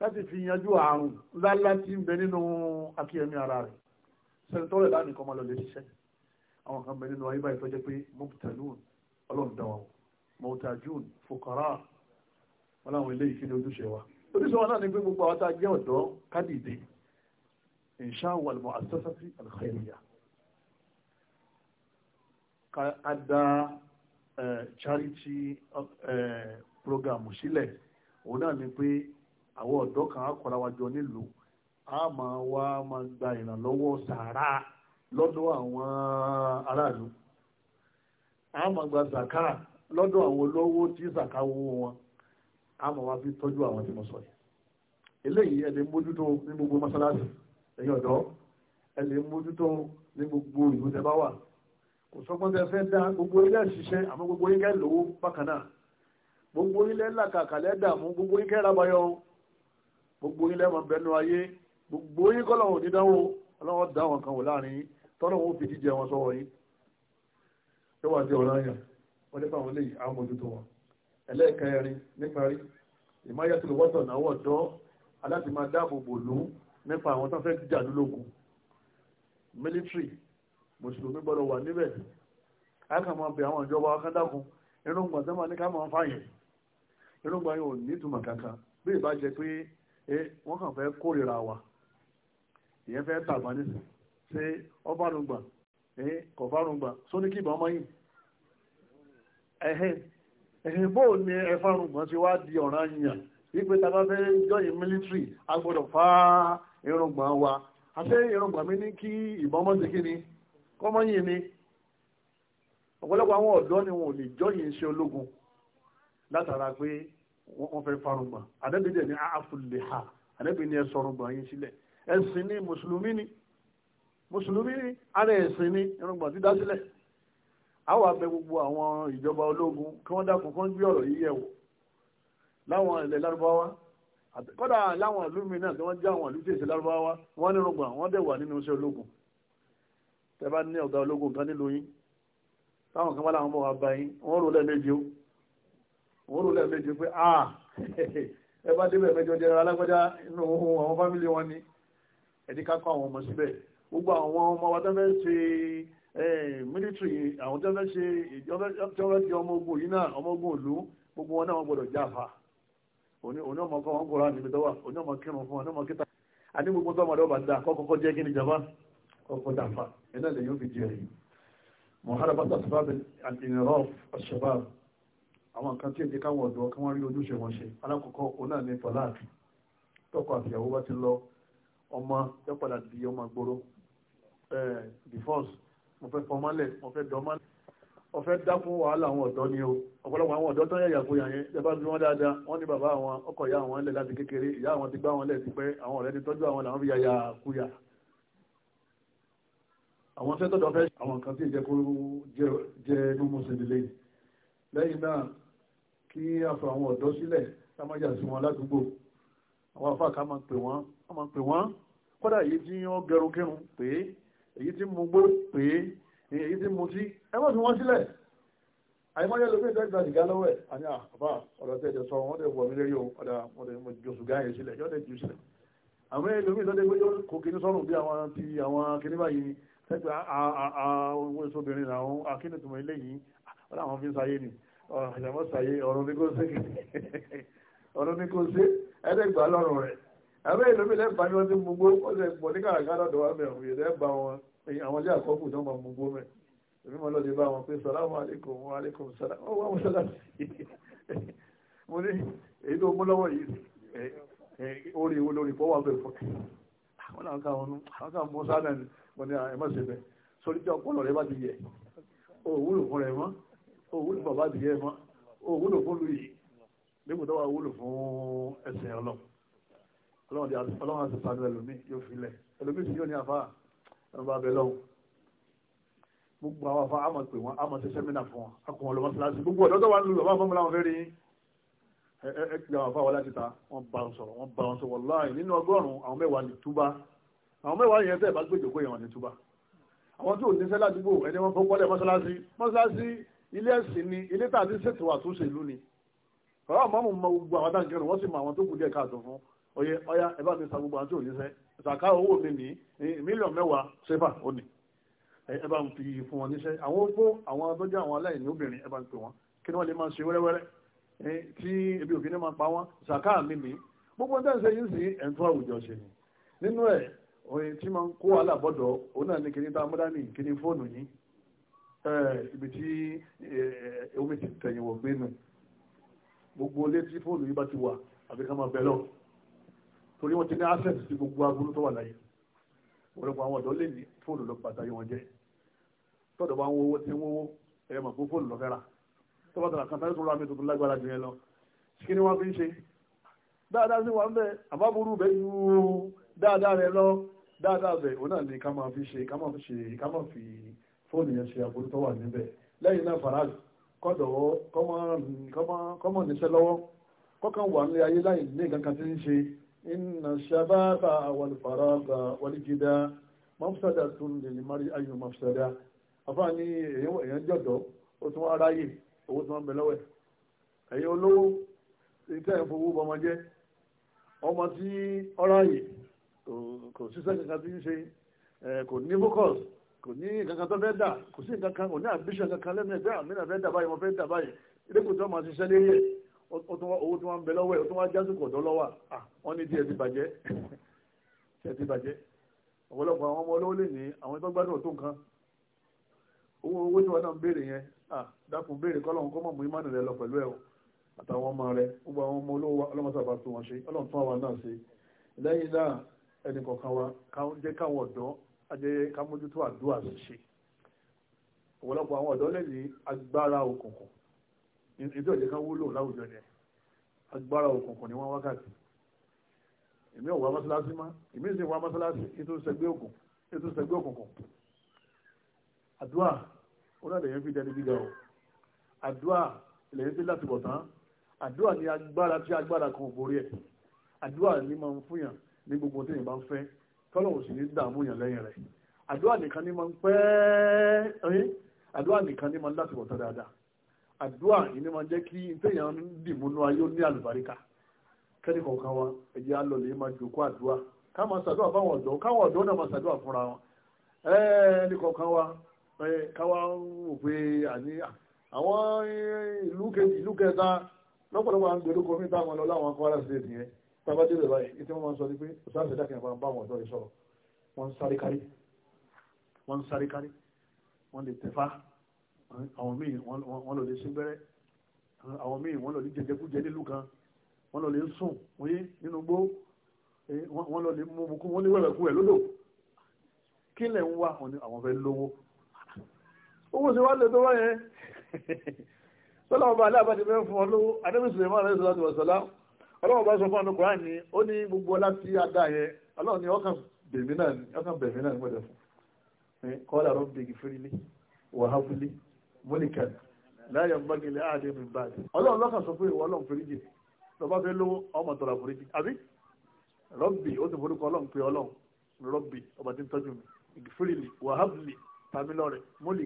láti fi yanjú àrùn lálá tí ń bẹ nínú akíyẹmí ara rẹ̀ sẹ́ńtọ́ rẹ̀ láti kọ́ máa lọ lè ṣiṣẹ́ àwọn kan bẹ nínú ayé báyìí tó jẹ́ pé mọ́tàlùn ọlọ́run dá wọn mọ́tàjùn fòkàrà wọn láwọn ilé ìkíni ojúṣe wa ojúṣe wa náà ni pé gbogbo àwọn tá a jẹ́ ọ̀dọ́ kádìdé insha wal mu'assasati al charity program sílẹ̀ òun náà ni pé àwọn ọ̀dọ́ kan á kọ́ra ma nílùú a máa wá máa gba ìrànlọ́wọ́ sàárà lọ́dọ̀ a máa gba zaka lọ́dọ̀ àwọn olówó tí zaka wó wọn a máa wá fi tọ́jú àwọn tí mo sọ yìí eléyìí mójútó ní gbogbo mọ́sálásí ẹ̀yin ọ̀dọ́ ẹ mójútó ní gbogbo ìlú tẹ́ kò sọ́gbọ́n tẹ́ fẹ́ dá gbogbo ilẹ̀ ṣiṣẹ́ àmọ́ gbogbo ilẹ̀ lówó bákan náà gbogbo ilẹ̀ làkàkàlẹ̀ dààmú gbogbo ilẹ̀ rabayọ gbogbo ilẹ̀ mọ̀ bẹnu ayé gbogbo yín kọ́ lọ́wọ́ ní dánwò ọlọ́wọ́ dá wọn kan wò láàrin yín tọ́lọ́ wọn fi jíjẹ wọn sọ́wọ́ yín tó wà jẹ́ ọ̀rọ̀ àyàn wọ́n nípa àwọn eléyìí àmójútó wọn ẹlẹ́ẹ̀kẹrin níparí ìmáyàtúlù wọ́tọ̀ náà wọ̀ dán aláti máa dáàbò bò lù nípa àwọn tó fẹ́ jà lólógun military mùsùlùmí gbọ́dọ̀ wà níbẹ̀ káàkà ma àwọn ìjọba akádàkùn irúgbọ̀n tó máa ní ká fààyè irúgbọ̀n yóò nítumọ̀ kankan bí ìbá pé wọ́n kàn fẹ́ kórìíra wa ìyẹn fẹ́ tàbá nísìn ṣé ọbárùngbà kọfárùngbà sóníkì ìbọn mọ́yìn ẹ̀hẹ́ bóò ni ẹ̀fárùngbà ti wá di ọ̀ràn yìnyàn wípé tàbá fẹ́ jọyìn mílítírì a gbọ́dọ̀ fá wa àti mi ní kí kí ni. kọ́mọ yìí ni ọ̀pọ̀lọpọ̀ àwọn ọ̀dọ́ ni wọn ò lè jọ́yìn iṣẹ́ ológun látara pé wọ́n fẹ́ farùngbà àdẹ́bí dẹ̀ ní àfùlẹ̀hà ni ẹ sọ̀rùngbà yín sílẹ̀ ẹ̀sìn ni mùsùlùmí ni mùsùlùmí ni ara ẹ̀sìn ni irùngbà ti dá sílẹ̀ àwọn abẹ gbogbo àwọn ìjọba ológun kí wọ́n dákun kán gbé ọ̀rọ̀ yíyẹ̀ wò láwọn ilẹ̀ lárúbáwá kọ́dà láwọn ìlú mi náà tí wọ́n já àwọn ìlú tí tẹ́ bá ní ọ̀gá ológun kan nílùú yín táwọn kan bá láwọn ọmọ àgbà yín wọ́n rò lẹ́ẹ̀mejì ó wọ́n rò lẹ́ẹ̀mejì pé à ah, ẹ bá débẹ̀ mẹ́jọ jẹ́ alágbájá inú ohun àwọn fámìlì wọn ni ẹ̀dí ká kọ́ àwọn ọmọ síbẹ̀ gbogbo àwọn ọmọ wa tẹ́ fẹ́ ṣe mílítìrì àwọn tẹ́ fẹ́ ṣe ìjọba ti ọmọ ogun yìí náà ọmọ ogun ìlú gbogbo wọn náà wọ́n gbọ́dọ̀ jáfa òní ọmọ kọ́ wọn kọ́ra níbi tọ́wà òní ọmọ kírun fún wọn ní ọmọ kíta àní gbogbo tọ́mọdé ọba ọkọ̀ dàfà ẹ̀nà lè yóò fi jẹ́ rí mọ̀hárabátà sábàbí الشباب àṣàbáb àwọn kan tí èdè káwọn ọ̀dọ́ kí wọ́n rí ojúṣe wọn ṣe alákọ̀ọ́kọ́ òun náà ní fọláàtì tọkọ àtìyàwó bá ti lọ ọmọ yọ padà di ọmọ gbòòrò divorce mo fẹ́ fọmọ́lẹ̀ mo fẹ́ dọ́mọ́lẹ̀ mo fẹ́ dá fún wàhálà àwọn ọ̀dọ́ ni o ọ̀pọ̀lọpọ̀ àwọn ọ̀dọ́ tán yẹ̀yà kóyà yẹn ìjọba bí wọ́n dáadáa wọ́n ní bàbá àwọn ọkọ ìyá àwọn lẹ̀ láti kékeré ìyá àwọn ti gbá àwọn lẹ̀ ti àwọn ọ̀rẹ́ ti tọ́jú àwọn làwọn fi yàyà kúyà àwọn sẹ́tọ̀dọ̀ fẹ́ àwọn nǹkan tí ìjẹ́ kó jẹ́ mímú sí ilé lẹ́yìn náà kí a fọ àwọn ọ̀dọ́ sílẹ̀ ká má yà sí wọn ládùúgbò àwọn afá ká máa pè wọ́n ká máa pè wọ́n kódà èyí tí wọ́n gẹrun kírun pé èyí tí mu gbó pé èyí tí mu tí ẹ má fi wọ́n sílẹ̀ àyèmáyé ló fẹ́ dẹ́gbà ìgá lọ́wọ́ ẹ̀ àní àbá ọ̀rọ̀ tẹ̀ ẹ̀jẹ̀ sọ wọ́n dẹ̀ wọ̀ mí lérí o ọ̀dà wọ́n dẹ̀ mo jòsù gá yẹn sílẹ̀ yọ́n dẹ̀ jù sílẹ̀ àwọn ẹlòmíì lọ́dẹ̀ gbé yóò kó kinní sọ́run bí àwọn ti àwọn kinní báyìí tẹ́gbẹ́ àwọn ìṣòbìnrin làwọn akínìtùmọ̀ ilé yìí ọláwọn fi ń sáyé ni ìyàmọ́ sáyé ọ̀run ní kò sí ọ̀run ní kò sí ẹ̀ẹ́dẹ́gbà lọ́rùn rẹ̀ ẹ̀rọ ìlúmi lẹ́gbà ni wọ́n ti mú gbó ó lè pọ̀ ní kàràkàrà ọ̀dọ̀ wa mẹ́rin òye lẹ́gbà wọn àwọn ilé àkọ́kù tó máa mú gbó mẹ́ èmi mọ́ lọ́dẹ bá wọn pé sàlámù àwọn àwọn mo ní àwọn ah, ẹ̀mọ́ ṣe bẹ́ẹ̀ sórí tí ọpọlọ rẹ bá ti yẹ òwúlò fún rẹ mọ́ òwúlò fún bàbá ti yẹ mọ́ òwúlò fún lu yìí nígbà tó wà wúlò fún ẹsẹ̀ ọlọ́run ọlọ́run àti sanu ẹlòmí yóò filẹ̀ ẹlòmí sì yóò ní afá ẹnubá abẹ lọ́hùn gbogbo àwọn afá àmọ̀ pé wọn àmọ̀ ṣe bá wọn sọ̀rọ̀ wọn bá wọn sọ̀rọ̀ wọláì nínú ọgọ́rùn-ún àwọn mẹ́wàá ní túbá àwọn mẹ́wàá yẹn tẹ́ bá gbèjòkó yẹn wọn ní túbá àwọn tí ò ní sẹ́lá àdúgbò ẹni wọn fọ́pọ́lẹ̀ mọ́sálásí mọ́sálásí ilé ẹ̀sìn ni ilé tà ní ṣètò àtúnṣe ìlú ni ọ̀rọ̀ àmọ́mù mọ gbogbo àwọn tá ń kẹrin wọ́n sì mọ àwọn tó kù díẹ̀ káàtó fún ọyẹ ọyá ẹ bá mi sa gbogbo àti òníṣẹ́ ìsàká owó mi ní mílíọ̀nù mẹ́wàá sẹ́fà ó ní ẹ bá ń fi fún wọn níṣẹ́ àwọn opó àwọn tó jẹ́ àwọn aláìní obìnrin ẹ bá ń pè wọ́n kí wọ́n lè máa ṣe wẹ́rẹ́wẹ́rẹ́ tí ebi òfin ní máa pa wọ́n ìsàká mi ní gbogbo ń tẹ̀sẹ̀ yìí sí ẹ̀ńtọ́ àwùjọ ṣe ni nínú ẹ̀ oyin tí máa ń kó wàhálà bọ́dọ̀ òun náà ní kíní táwọn mọ́dánì kíní fóònù yín ibi tí omi ti tẹ̀yìn wọ̀ gbé nù gbogbo ilé tí fóònù yín bá ti wà àbí ká máa bẹ̀ lọ torí wọ́n ti ní access sí gbogbo agbóhùn tó wà láyé ọ̀pọ̀lọpọ̀ àwọn ọ̀dọ́ lè ní fóònù lọ bàtà yìí jẹ́ tọ́dọ̀ bá ń wọ́wọ́ tí ń wọ́wọ́ ẹ̀yẹ mọ̀ fún fóònù lọ fẹ́ra tọ́bàtà kan tàbí tó lágbára jù yẹn lọ kí ni wọ́n fi ń ṣe dáadáa sí wọn bẹ́ẹ̀ àbábúrú bẹ́ẹ̀ yú dáadáa rẹ lọ dáadáa bẹ̀ òun náà ni ká máa fi ṣe ká máa fi ṣe ká máa fi fóònù yẹn ṣe àbúrú tó wà níbẹ̀ lẹ́yìn náà faraj kọ́dọ̀wọ́ kọ́mọ níṣẹ́ lọ́wọ́ kọ́kàn wà ní ayé láì ní nǹkan kan tí ń ṣe inna shababa wal faraga wal jida mafsada tún lè ní mari ayò mafsada àfáà ní èèyàn jọ̀dọ̀ ó tún aráyè owó tí bẹ lọ́wọ́ ẹ̀yìn olówó ìtẹ́ ìfowó ọmọ tí ọráyè kò sísẹ́ kankan tí ń ṣe kò ní focus kò ní kankan tó fẹ́ dà kò sí kankan kò ní ambition kankan lẹ́nu ẹgbẹ́ àmì náà fẹ́ dà báyìí wọ́n fẹ́ dà báyìí ilé-ìkùn tó máa ṣiṣẹ́ lérí ẹ̀ owó tí wọ́n ń bẹ lọ́wọ́ ẹ̀ tó wá jásùkò ọ̀dọ́ lọ́wọ́ ah, wọn ní díẹ̀ ti bàjẹ́ díẹ̀ ti bàjẹ́ ọ̀pọ̀lọpọ̀ àwọn ọmọ olówó lè ní àwọn ẹgbẹ́ gbádùn ọ̀tún kan owó owó tí wọ́n náà ń béèrè yẹn ah, dákun béèrè kọ́lọ́hún kọ́ mọ̀ mú ìmánì rẹ lọ pẹ̀lú ẹ̀ àtàwọn ọmọ rẹ gbogbo àwọn ọmọ olówó ọlọ́mọ sábà tún wọn ṣe ọlọ́run tún àwọn náà ṣe lẹ́yìn náà ẹnì kọ̀ọ̀kan wa jẹ́ káwọn ọ̀dọ́ ajẹ́ ká mójútó àdúrà ṣe ọ̀pọ̀lọpọ̀ àwọn ọ̀dọ́ lẹ́yìn agbára òkùnkùn ìdí ọ̀jẹ̀ kan wúlò láwùjọ ni agbára òkùnkùn ni wọ́n wákàtí èmi ò wá mọ́sálásí má èmi sì wá mọ́sálásí ètò ìṣẹ́gbẹ́ òkùnkùn àdúrà ó náà lèyìn fi dẹni gíga o àdúrà lèyìn fi láti bọ̀ tán àdúrà ni agbára tí agbára kan ò borí ẹ̀ àdúrà ni máa ń fúnyàn ní gbogbo tí ìbá ń fẹ́ tọ́lọ̀wọ̀ sì ní dààmú yàn lẹ́yìn rẹ̀ àdúrà nìkan ní máa ń pẹ́ ẹ́ àdúrà nìkan ní máa ń láti wọ̀tọ́ dáadáa àdúrà yìí ní máa jẹ́ kí téèyàn ń dìmúnú ayé ní àlùbáríkà kẹ́ni kọ̀ọ̀kan wa ẹ̀jẹ̀ á lọ lè máa jòkó àdúrà ká máa ṣàdúrà fáwọn ọ̀dọ́ káwọn ọ̀dọ́ náà máa ṣàdúrà fúnra wọn ẹ̀ẹ́ni kọ̀ọ̀kan wa káwa wò pé àwọn ìlú kejì ìlú kẹta lọ́pọ̀lọpọ̀ à ń gbèrú kọ́mí táwọn lọ láwọn kọ́ra ṣe nìyẹn bàbá tí ó lè báyìí ìtí wọ́n sọ wípé òsáàfẹ́ dákìyàn bá ń bá wọn ọ̀dọ́ ìṣọ́rọ̀ wọ́n sáré kárí wọ́n sáré kárí wọ́n lè tẹ̀fá àwọn míì wọ́n lò lè sí bẹ́rẹ́ àwọn míì wọ́n lò lè jẹjẹkújẹ nílùú kan wọ́n lò lè sùn wọ́n yé nínú gbó wọ́n lò lè mú mukú wọ́n lè wẹ̀wẹ̀ kú ẹ̀ lódò kí lẹ̀ ń wá àwọn fẹ́ lówó owó ṣe wá lè tó wáyẹn sọ́lá ọba aláàbàdì mẹ́fún ọlọ́wọ́ adébísùn ọlọ́run bá sọ fún ọdún kùrán ni ó ní yẹ ọlọ́run ni ọkàn bèmí náà ni ọkàn bèmí náà ni wọ́n dẹ̀ fún kọ́lá rọ́ bègì fírílé wàhábúlé mọ́lìkan láyé ọgbàgẹ̀lẹ̀ ààrẹ mi bá dé ọlọ́run lọ́kàn sọ pé ìwọ ọlọ́run fèrèjì lọ́ba fẹ́ lówó ọmọ àbí rọ́bì ó ti forúkọ ọlọ́run pé ọlọ́run rọ́bì ọba tí ń tọ́jú mi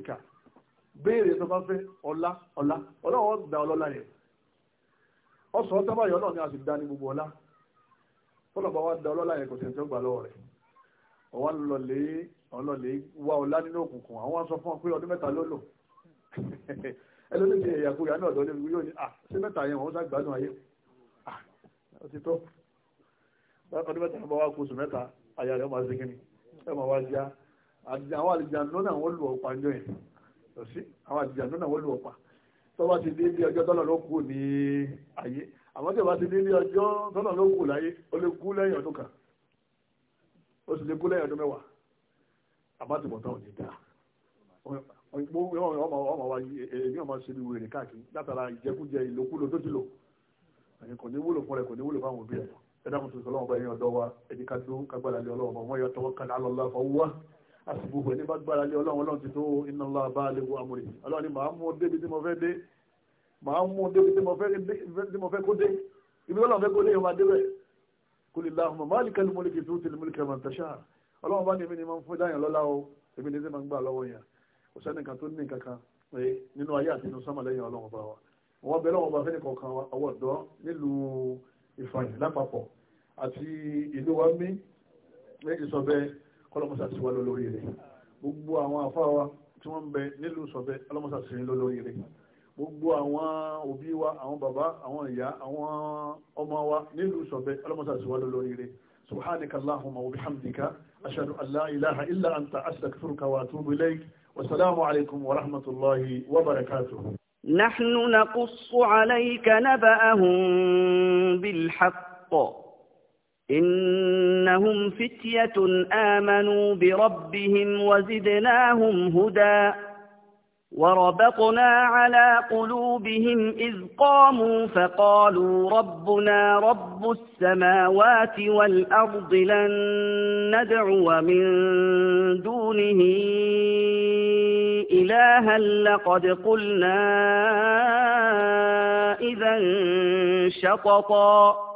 béèrè fẹ́ ọlá ọ̀sọ̀ tábàyọ̀ náà ni a sì dá ní gbogbo ọlá tọ́lọ̀bá wá da ọlọ́lá yẹn kò tẹ̀ tí ó gbà lọ́wọ́ rẹ̀ ọ̀wá lọlé ọlọ́lé wá ọlá nínú òkùnkùn àwọn sọ fún ọ pé ọdún mẹ́ta ló lò ẹlẹ́ni ti ẹ̀yà kúrò àná ọ̀dọ́ lẹ́nu yóò ní à ah, sí mẹ́ta yẹn wọ́n sá gbádùn ayé ọtí ah, tó ọdún mẹ́ta bá wá kó mẹ́ta àyà rẹ̀ tọ́wọ́ ti dé ilé ọjọ́ tọ́lọ̀ ló kù ní ayé àmọ́ tí ọba ti dé ilé ọjọ́ tọ́lọ̀ ló kù láyé ó lè kú lẹ́yìn ọdún kan ó sì lè kú lẹ́yìn ọdún mẹ́wàá àmọ́ tí bọ̀tán ò ní dáa ọmọ wa èmi ọmọ ṣe ni wèrè káàkiri látara ìjẹkújẹ ìlòkulò tó ti lò kò ní wúlò fún rẹ kò ní wúlò fáwọn òbí rẹ ẹ dákun tuntun ọlọ́wọ́ bá yẹn ọ̀dọ́ wa ẹ̀dí ká dúró kágbára lé ọlọ́wọ́ bá wọ́n yọ tọwọ́ kan lálọ́lá fọwọ́ àsìkò ògbẹ̀ ní bá gbára lé ọlọ́run ọlọ́run ti tó iná ńlá bá léwu amúre ọlọ́run ni màá mú débi tí mo fẹ́ dé màá mú débi tí mo fẹ́ kó dé ibi ọlọ́run fẹ́ kó dé ìwà débẹ̀ kó lè la ọmọ máàlì kẹlu mọ́lẹ́kì tó tẹ̀lé mọ́lẹ́kì ẹ̀mọ̀ tẹ̀ṣà ọlọ́run bá ní èmi ni máa ń fún dáyàn lọ́lá o èmi ni máa ń gbà lọ́wọ́ yẹn kò sẹ́nìkan tó ní kankan nínú ayé àti inú sọ́mọ lẹ́yìn ọlọ́run bá wa wọ́n bẹ lọ́wọ́ bá fẹ́ nìkan kan ọwọ́ ọ̀dọ́ nílùú ìfàyè lápapọ̀ àti ìlú wa mí ìsọ̀bẹ kọlọmọsà sí wa lórí rẹ̀ gbogbo àwọn àfáwa tí wọ́n ń bẹ nílùú sọ̀bẹ ọlọ́mọsà sí ní lórí rẹ̀ gbogbo àwọn òbí wa àwọn bàbá àwọn ìyá àwọn ọmọ wa nílùú sọ̀bẹ ọlọ́mọsà sí wa lórí rẹ̀ subhanaka allahumma wa bihamdika ashhadu an la ilaha illa anta astaghfiruka wa atubu ilayk wa salaamu alaykum wa rahmatullahi wa barakatuh نحن نقص عليك نبأهم بالحق إنهم فتية آمنوا بربهم وزدناهم هدى وربطنا على قلوبهم إذ قاموا فقالوا ربنا رب السماوات والأرض لن ندعو من دونه إلها لقد قلنا إذا شططا